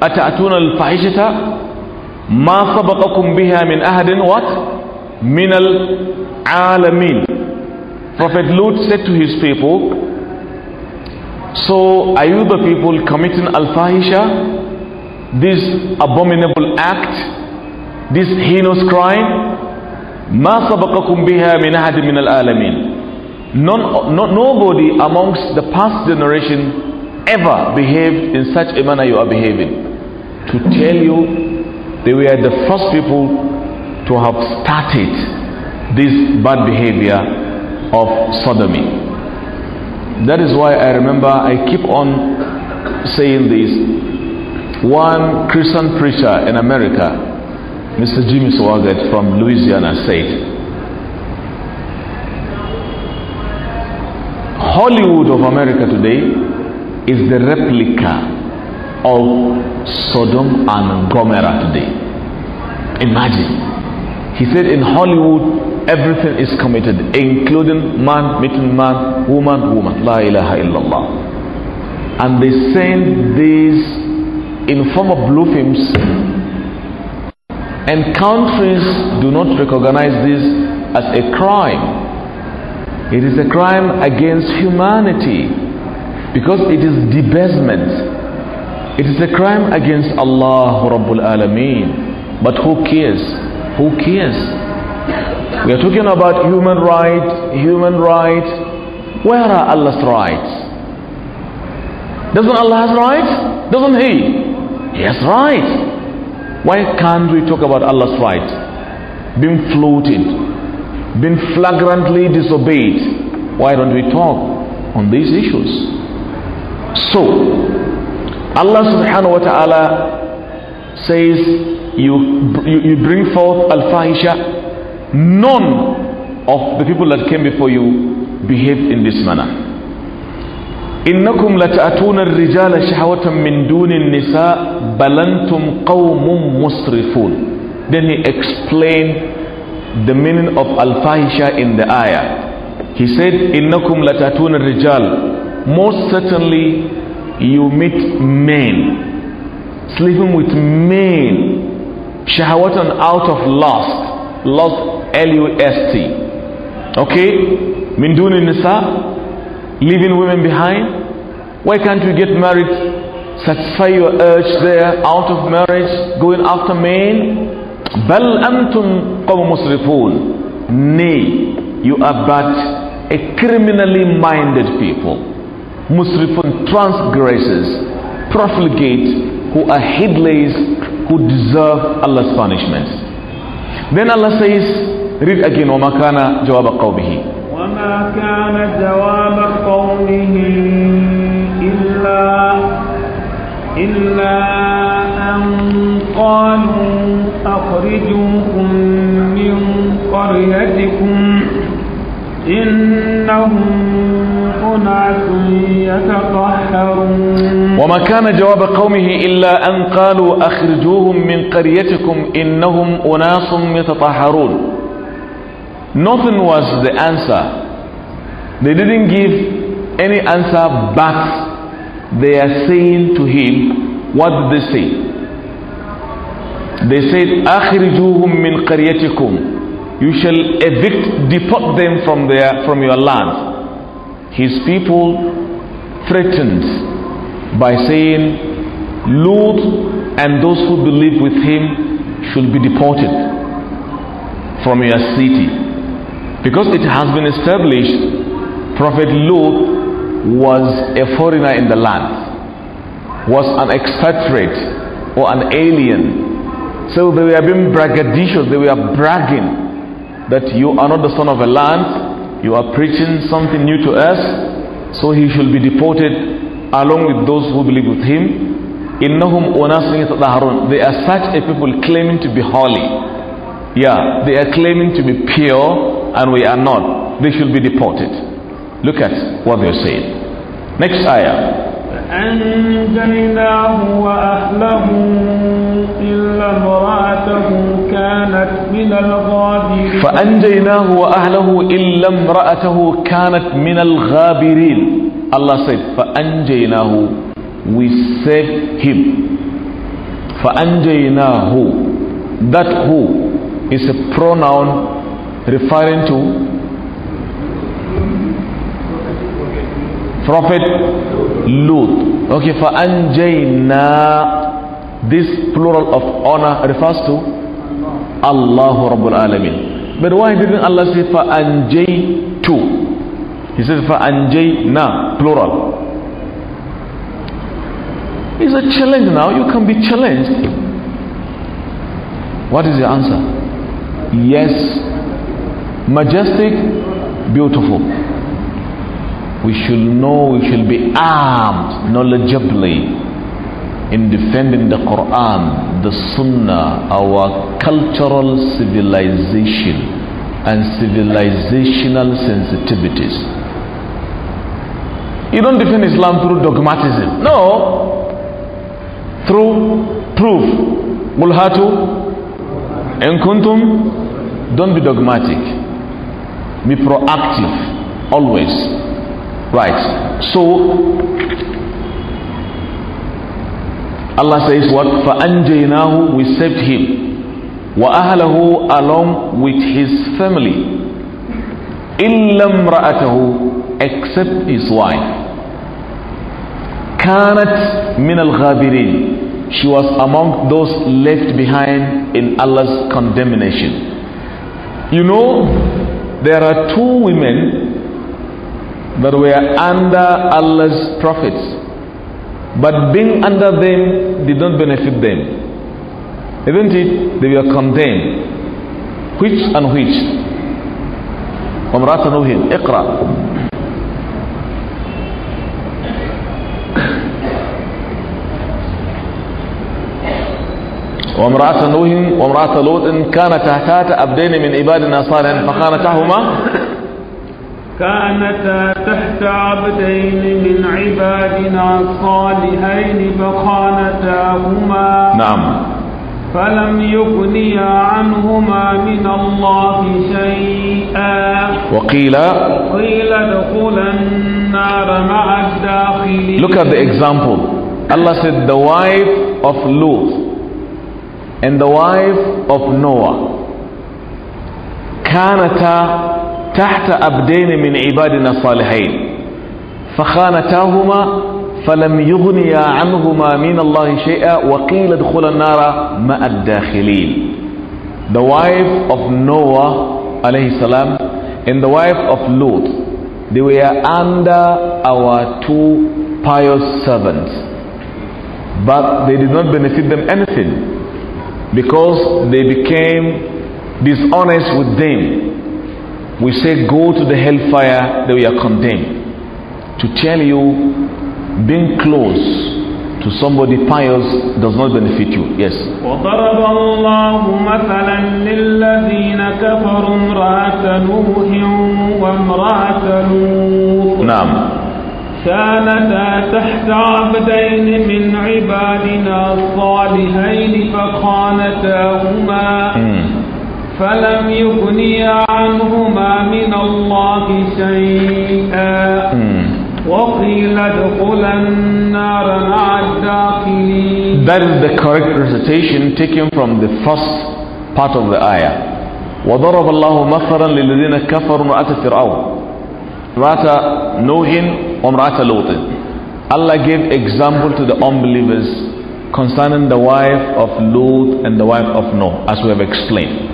أتأتون الفاحشة ما سبقكم بها من أحد what من العالمين Prophet Lut said to his people so are you the people committing al-fahisha this abominable act this heinous crime ما سبقكم بها من أحد من العالمين None, no, nobody amongst the past generation ever behaved in such a manner you are behaving to tell you they were the first people to have started this bad behavior of sodomy. That is why I remember I keep on saying this. One Christian preacher in America, Mr. Jimmy Swaggart from Louisiana, said, Hollywood of America today is the replica of Sodom and Gomorrah today. Imagine. He said in Hollywood, everything is committed, including man meeting man, woman, woman. La ilaha illallah. And they send these in form of blue films, and countries do not recognize this as a crime. It is a crime against humanity because it is debasement it is a crime against Allah Rabbul Alameen. But who cares? Who cares? We are talking about human rights, human rights. Where are Allah's rights? Doesn't Allah have rights? Doesn't He? He has rights. Why can't we talk about Allah's rights? Being floated, being flagrantly disobeyed. Why don't we talk on these issues? So, Allah subhanahu wa ta'ala says, you, you, you bring forth al fahisha. None of the people that came before you behaved in this manner. إنكم لتأتون الرجال شهوة من دون النساء nisa balantum قوم مسرفون Then he explained the meaning of al-fahisha in the ayah. He said, إنكم لتأتون rijal. Most certainly you meet men sleeping with men shahwatan out of lust lust l-u-s-t okay min dunin nisa leaving women behind why can't you get married satisfy your urge there out of marriage going after men بل antum قوم مسرفون nay you are but a criminally minded people musrifun transgressors, profligate who are heedless, who deserve Allah's punishments. Then Allah says, read again, وَمَا كَانَ جَوَابَ قَوْمِهِ وما كان جواب قومه إلا إلا أن قالوا أخرجوكم من قريتكم إنهم وما كان جواب قومه إلا أن قالوا أخرجوهم من قريتكم إنهم أناس يتطهرون Nothing was the answer. They didn't give any answer but they are saying to him, what did they say? They said, أخرجوهم من قريتكم. You shall evict, deport them from, their, from your land. his people threatened by saying, Lut and those who believe with him should be deported from your city. Because it has been established, Prophet Lut was a foreigner in the land, was an expatriate or an alien. So they were being braggadocious, they were bragging that you are not the son of a land, you are preaching something new to us, so he should be deported along with those who believe with him. Innahum أناس يتطهرون They are such a people claiming to be holy. Yeah, they are claiming to be pure and we are not. They should be deported. Look at what they're saying. Next ayah. إلا امرأته كانت من الغابرين فأنجيناه وأهله إلا امرأته كانت من الغابرين Allah said فأنجيناه we saved him فأنجيناه that who is a pronoun referring to Prophet Lut. Okay, فأنجينا This plural of honor refers to Allahu Rabbul Alamin. But why didn't Allah say too? He says na plural. It's a challenge now. You can be challenged. What is the answer? Yes. Majestic, beautiful. We should know, we should be armed knowledgeably in defending the Quran, the Sunnah, our cultural civilization and civilizational sensitivities. You don't defend Islam through dogmatism. No. Through proof. Mulhatu. Enkuntum. Don't be dogmatic. Be proactive. Always. Right. So Allah says what? فَأَنْجَيْنَاهُ We saved him. وَأَهْلَهُ Along with his family. إِلَّا امْرَأَتَهُ Except his wife. كَانَتْ مِنَ الْغَابِرِينَ She was among those left behind in Allah's condemnation. You know, there are two women that were under Allah's prophets but being under them did not benefit them. Isn't it? They were condemned. Which and which? وامرأة نوح اقرأ وامرأة نوح وامرأة لوط كانتا تحت عبدين من عبادنا صالحا فخانتاهما كانتا تحت عبدين من عبادنا الصالحين فخانتاهما نعم فلم يغنيا عنهما من الله شيئا وقيل قيل ادخلا النار مع الداخلين Look at the example. Allah said the wife of Lut and the wife of Noah كانتا تحت أبدين من عبادنا الصالحين فخانتاهما فلم يغنيا عنهما من الله شيئا وقيل ادخل النار مع الداخلين The wife of Noah عليه السلام and the wife of Lot they were under our two pious servants but they did not benefit them anything because they became dishonest with them we say go to the hellfire that we are condemned to tell you being close to somebody pious does not benefit you yes نعم كانتا تحت عبدين من عبادنا الصالحين فخانتاهما فلم يغني عنهما من الله شيئا hmm. وقيل النار مع الداخلين That is the correct recitation taken from the first part of the ayah وضرب الله مثلا للذين كفروا امرأة فرعون امرأة نوح وامرأة لوط Allah gave example to the unbelievers concerning the wife of Lot and the wife of Noah as we have explained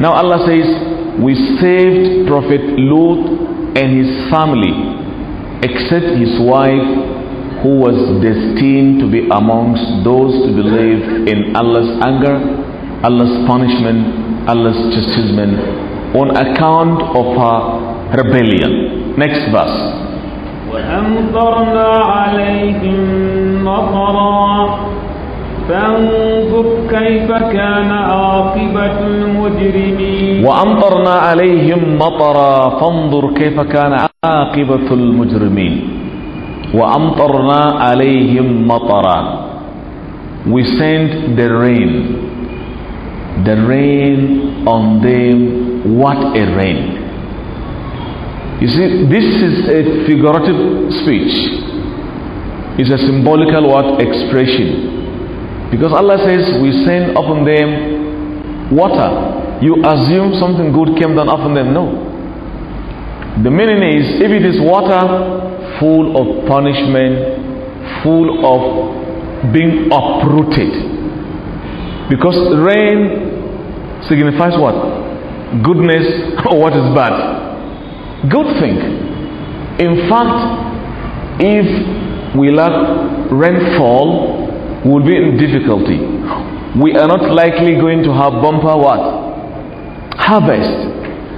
now Allah says, We saved Prophet Lut and his family, except his wife who was destined to be amongst those to believe in Allah's anger, Allah's punishment, Allah's chastisement on account of her rebellion. Next verse. فانظر كيف كان عاقبة المجرمين وأمطرنا عليهم مطرا فانظر كيف كان عاقبة المجرمين وأمطرنا عليهم مطرا We sent the rain the rain on them what a rain You see this is a figurative speech It's a symbolical what expression Because Allah says, We send upon them water. You assume something good came down upon them. No. The meaning is, if it is water full of punishment, full of being uprooted. Because rain signifies what? Goodness or what is bad. Good thing. In fact, if we lack rainfall, will be in difficulty. We are not likely going to have bumper what? Harvest.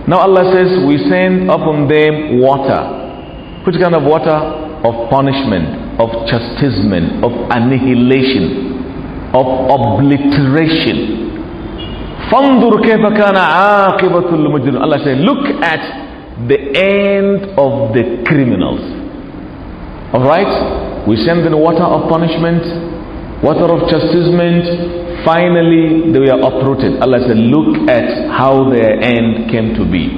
Now Allah says, we send upon them water. Which kind of water? Of punishment, of chastisement, of annihilation, of obliteration. فانظر Allah said look at the end of the criminals alright we send them water of punishment water of chastisement, finally they were uprooted. Allah said, Look at how their end came to be.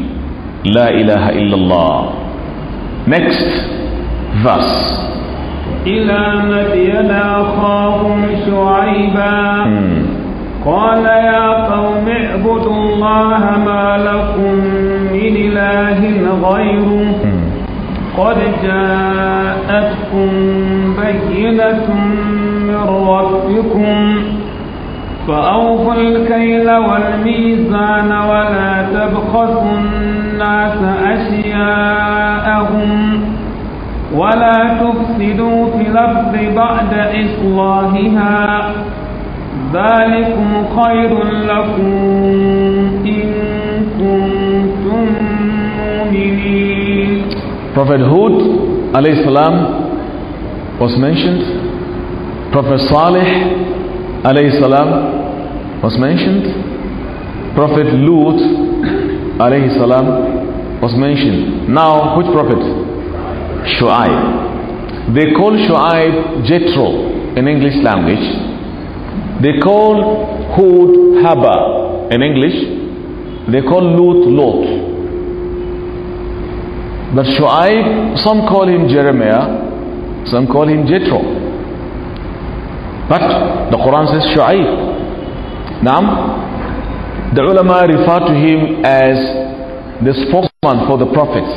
La ilaha illallah. Next verse. إلى مدين أخاهم شعيبا hmm. قال يا قوم اعبدوا الله ما لكم من إله غيره hmm. قد جاءتكم بينة من ربكم فأوفوا الكيل والميزان ولا تبخسوا الناس أشياءهم ولا تفسدوا في الأرض بعد إصلاحها ذلكم خير لكم إن كنتم مؤمنين Prophet Hud alayhi salam was mentioned Prophet Salih alayhi salam was mentioned. Prophet Lut alayhi salam was mentioned. Now, which prophet? Shu'aib. They call Shu'aib Jethro in English language. They call Hud Haba in English. They call Lut Lot. But Shu'aib, some call him Jeremiah, some call him Jethro. But the Quran says Shu'aib. Now, the ulama refer to him as the spokesman for the prophets.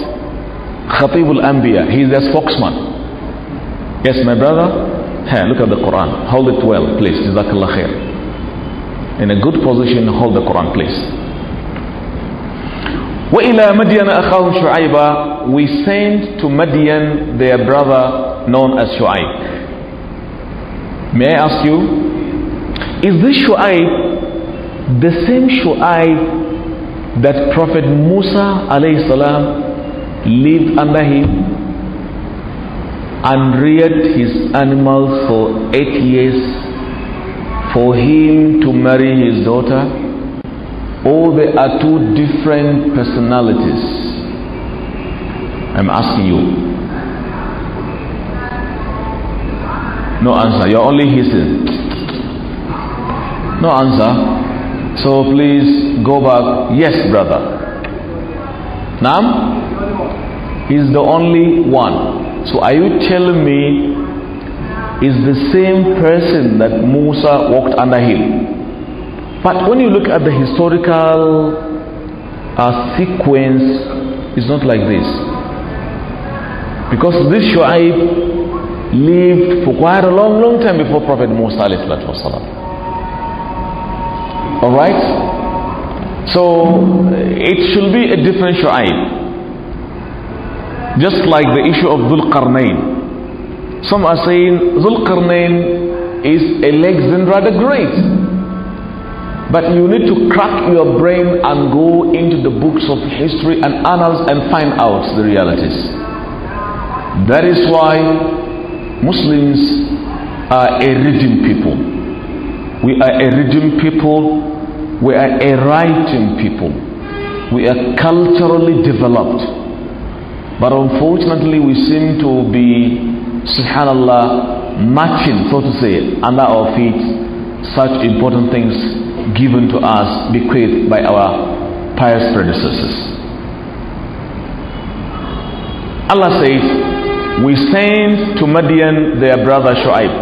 Khatibul Anbiya. He is the spokesman. Yes, my brother. Here, look at the Quran. Hold it well, please. Jazakallah khair. In a good position, hold the Quran, please. وإلى مدين أخاهم شعيبا we sent to Madian their brother known as Shu'aib May I ask you, is this Shu'aib the same Shu'aib that Prophet Musa alayhi salam lived under him and reared his animals for eight years for him to marry his daughter? Or they are two different personalities? I'm asking you. No answer. You're only hissing. No answer. So please go back. Yes, brother. Nam? He's the only one. So are you telling me is the same person that Musa walked under him? But when you look at the historical uh, sequence, it's not like this. Because this Shu'aib lived for quite a long, long time before Prophet Musa. Alright? So it should be a different shu'aib. Just like the issue of Dhul Qarnayn. Some are saying Dhul Qarnayn is Alexander the Great. But you need to crack your brain and go into the books of history and annals and find out the realities. That is why Muslims are a reading people. We are a reading people. We are a writing people. We are culturally developed. But unfortunately, we seem to be, subhanAllah, matching, so to say, under our feet such important things given to us, bequeathed by our pious predecessors. Allah says, we sent to Madian their brother Shu'aib.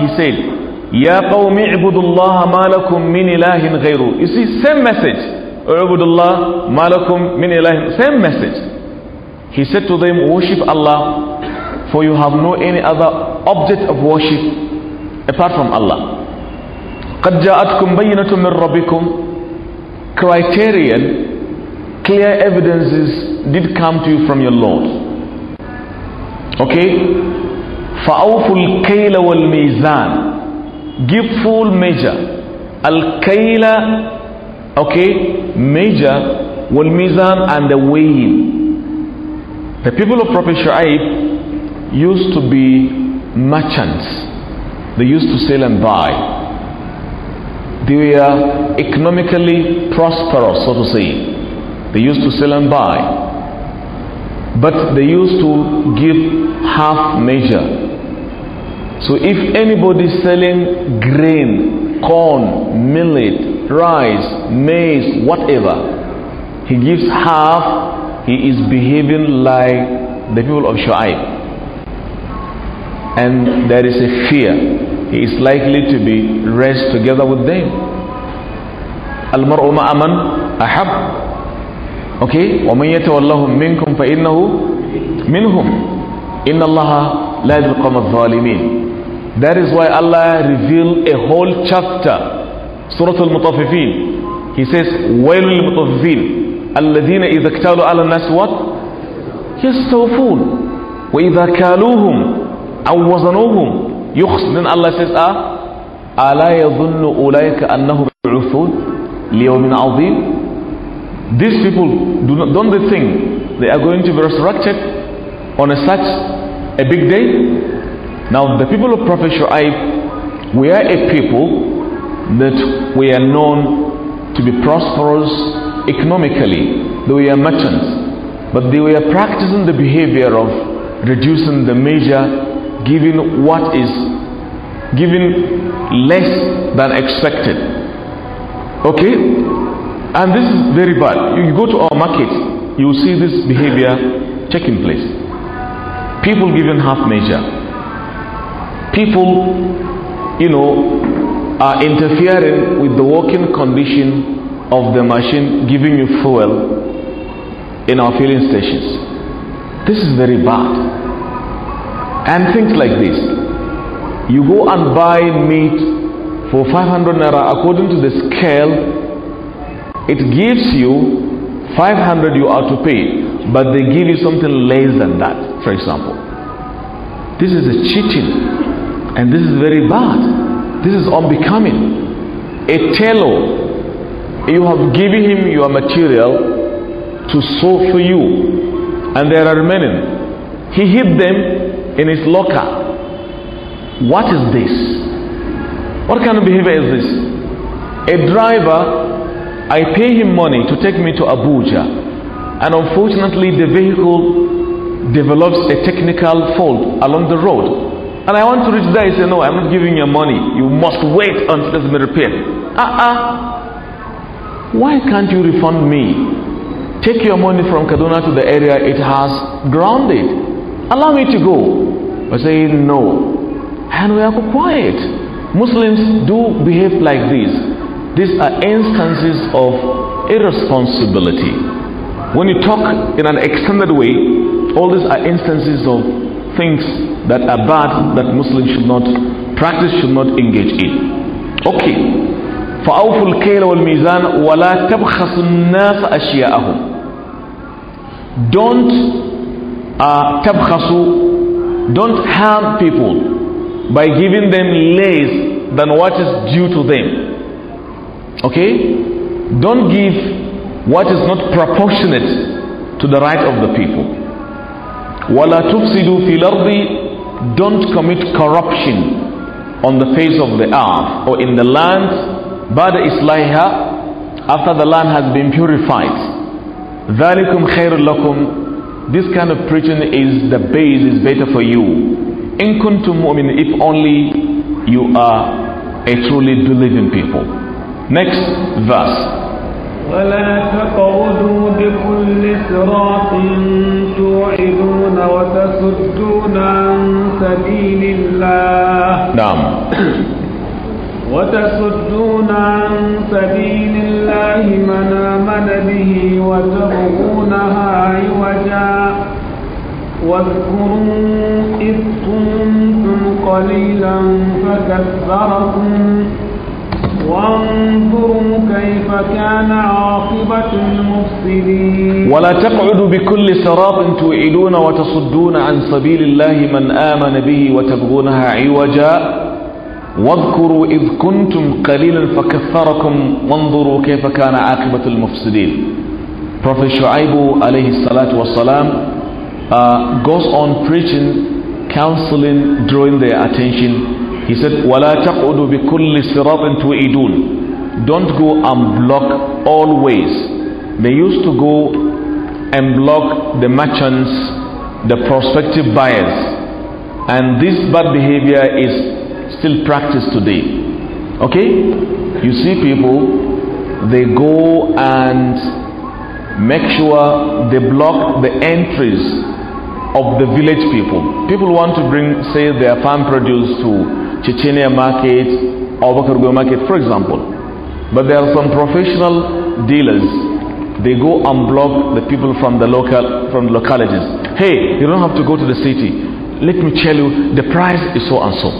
he said "Ya qawmi اعبدوا الله ما لكم من you see same message اعبدوا الله ما لكم same message he said to them worship Allah for you have no any other object of worship apart from Allah criterion clear evidences did come to you from your Lord Okay? فَأَوْفُ الْكَيْلَ mizan. Give full measure. al kaila, okay, measure, wal-mizan and the weighing. The people of Prophet Shu'aib used to be merchants. They used to sell and buy they were economically prosperous, so to say. They used to sell and buy. But they used to give half measure. So if anybody selling grain, corn, millet, rice, maize, whatever, he gives half, he is behaving like the people of Shu'aib. And there is a fear. He is likely to be raised together with them. Al-mar'u ma'aman ahab اوكي ومن يتولهم منكم فانه منهم ان الله لا يهدي الظالمين That is why Allah revealed a whole chapter, سوره المطففين He says, وَيْلُ لِلْمُطَفِّفِينَ الَّذِينَ إِذَا اكْتَالُوا عَلَى النَّاسِ what? يَسْتَوْفُونَ وَإِذَا كَالُوهُمْ أَوْ وَزَنُوهُمْ يُخْسِ Then Allah says, ah, أَلَا يَظُنُّ أُولَيْكَ أَنَّهُمْ يُعُثُونَ لِيَوْمٍ عَظِيمٍ These people, do not, don't they think they are going to be resurrected on a such a big day? Now, the people of Prophet Shu'aib are a people that we are known to be prosperous economically. They were merchants, but they were practicing the behavior of reducing the measure, giving what is given less than expected. Okay? And this is very bad. You, go to our markets, you will see this behavior taking place. People giving half measure. People, you know, are interfering with the working condition of the machine giving you fuel in our filling stations. This is very bad. And things like this. You go and buy meat for 500 naira according to the scale it gives you 500 you are to pay, but they give you something less than that, for example. This is a cheating, and this is very bad. This is unbecoming. A tailor, you have given him your material to sew for you, and there are remaining. He hid them in his locker. What is this? What kind of behavior is this? A driver I pay him money to take me to Abuja, and unfortunately, the vehicle develops a technical fault along the road. And I want to reach there. He said, No, I'm not giving you money. You must wait until it's been repaired. Ah, uh ah. -uh. Why can't you refund me? Take your money from Kaduna to the area it has grounded. Allow me to go. I say, No. And we are quiet. Muslims do behave like this. These are instances of irresponsibility. When you talk in an extended way, all these are instances of things that are bad that Muslims should not practice, should not engage in. Okay. فأوفوا الكيل والميزان ولا تبخسوا الناس أشياءهم don't uh, تبخسوا don't harm people by giving them less than what is due to them Okay? Don't give what is not proportionate to the right of the people. وَلَا fil فِي الْأَرْضِ Don't commit corruption on the face of the earth or in the land بَعْدَ إِصْلَاحِهَا After the land has been purified. ذَلِكُمْ خَيْرٌ lakum. This kind of preaching is the base, is better for you. In kuntum mumin, If only you are a truly believing people. next verse ولا تقعدوا بكل صراط توعدون وتصدون عن سبيل الله نعم وتصدون عن سبيل الله من آمن به وتبغونها عوجا واذكروا إذ كنتم قليلا فكثركم وانظروا كيف كان عاقبة المفسدين ولا تقعدوا بكل صراط توعدون وتصدون عن سبيل الله من آمن به وتبغونها عوجا واذكروا إذ كنتم قليلا فكثركم وانظروا كيف كان عاقبة المفسدين Prophet شعيب عليه الصلاة والسلام uh, goes on preaching, counseling, drawing their attention He said, وَلَا تَقْعُدُ بِكُلِّ صِرَاطٍ تُوِئِدُونَ Don't go and block all ways. They used to go and block the merchants, the prospective buyers. And this bad behavior is still practiced today. Okay? You see people, they go and make sure they block the entries of the village people. People want to bring, say, their farm produce to Chechenia market or Bakargo market, for example. But there are some professional dealers. They go and block the people from the local from the localities. Hey, you don't have to go to the city. Let me tell you, the price is so and so.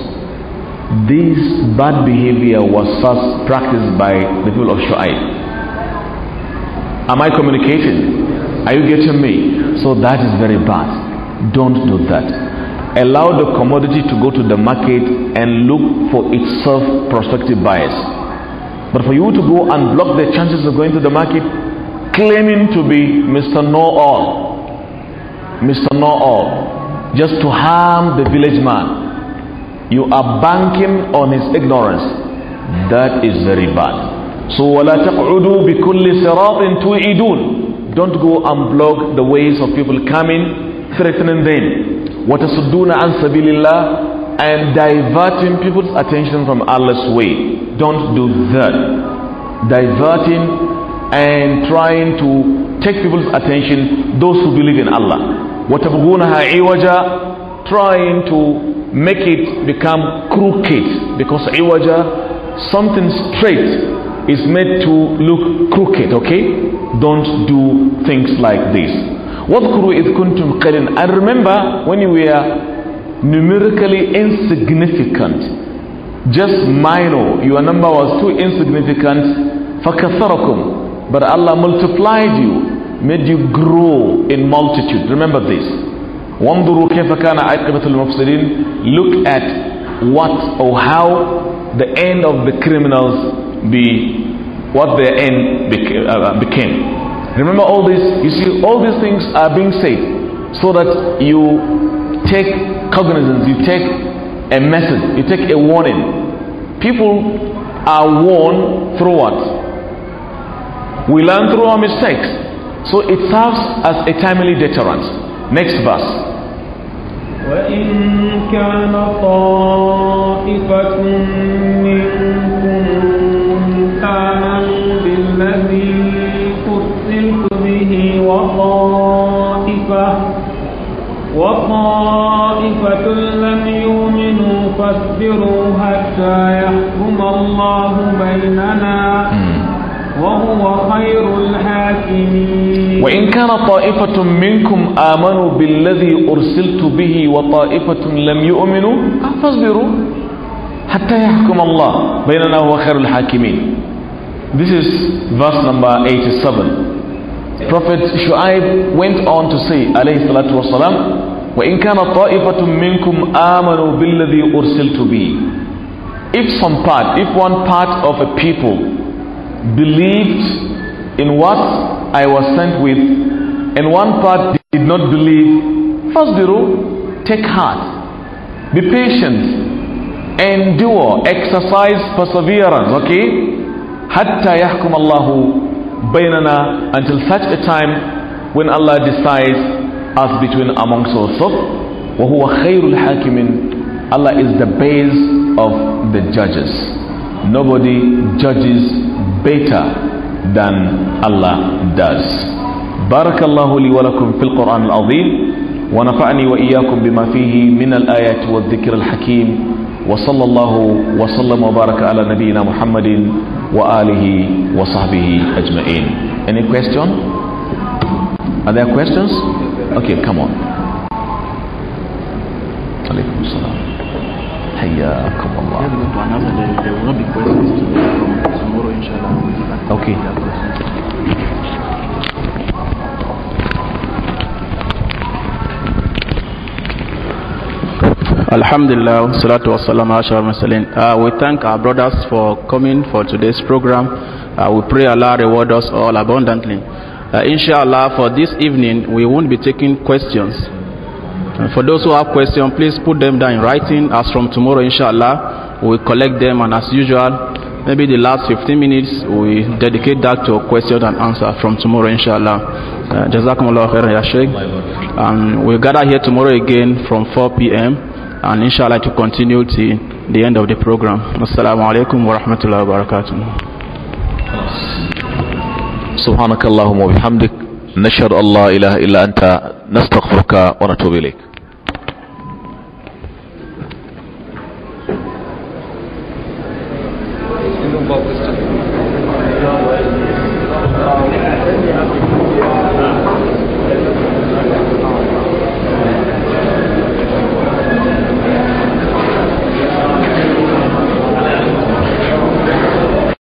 This bad behavior was first practiced by the people of Shuai. Am I communicating? Are you getting me? So that is very bad. Don't do that allow the commodity to go to the market and look for itself prospective buyers. But for you to go and block the chances of going to the market, claiming to be Mr. Know All, Mr. Know All, just to harm the village man, you are banking on his ignorance. That is very bad. So, وَلَا تَقْعُدُوا بِكُلِّ تُوِئِدُونَ Don't go and block the ways of people coming, threatening them to do سبيل الله and diverting people's attention from Allah's way. Don't do that. Diverting and trying to take people's attention, those who believe in Allah. وَتَبْغُونَهَا عِوَجًا Trying to make it become crooked because iwaja, something straight, is made to look crooked, okay? Don't do things like this. وَاذْكُرُوا إِذْ kuntum قَلِيلًا I remember when you were numerically insignificant, just minor, your number was too insignificant, فَكَثَرَكُمْ But Allah multiplied you, made you grow in multitude. Remember this. وَانْظُرُوا كَيْفَ كَانَ عَاقِبَةُ الْمُفْسِدِينَ Look at what or how the end of the criminals be, what their end uh, became. Remember all this, you see, all these things are being said so that you take cognizance, you take a message, you take a warning. People are warned through what? We learn through our mistakes. So it serves as a timely deterrent. Next verse. وإن كان طائفة وطائفة وطائفة لم يؤمنوا فاصبروا حتى يحكم الله بيننا وهو خير الحاكمين وإن كان طائفة منكم آمنوا بالذي أرسلت به وطائفة لم يؤمنوا فاصبروا حتى يحكم الله بيننا وهو خير الحاكمين This is verse number 87 Prophet Shu'aib went on to say, alayhi salatu wasalam, وَإِنْ كَانَ طَائِفَةٌ مِّنْكُمْ آمَنُوا بِالَّذِي أُرْسِلْتُ بِهِ If some part, if one part of a people believed in what I was sent with, and one part did not believe, first the rule, take heart, be patient, endure, exercise perseverance, okay? حَتَّى يَحْكُمَ اللَّهُ bainana until such a time when Allah decides us between amongst ourselves وهو خير الحاكمين Allah is the base of the judges nobody judges better than Allah does بارك الله لي ولكم في القرآن العظيم ونفعني وإياكم بما فيه من الآيات والذكر الحكيم وصلى الله وسلم وبارك على نبينا محمد وآله وصحبه أجمعين Any question? Are there questions? Okay, come on. عليكم السلام حياكم الله. Okay. Alhamdulillah, salatu wassalam, uh, We thank our brothers for coming for today's program. Uh, we pray Allah reward us all abundantly. Uh, inshallah, for this evening, we won't be taking questions. And uh, for those who have questions, please put them down in writing. As from tomorrow, inshallah, we collect them, and as usual, maybe the last 15 minutes, we dedicate that to question and answer from tomorrow, inshallah. Uh, Jazakumullah khairan, ya And um, we gather here tomorrow again from 4 p.m and inshallah to continue till the end of the program. Assalamu alaikum wa rahmatullahi wa barakatuh. سبحانك اللهم وبحمدك نشهد الله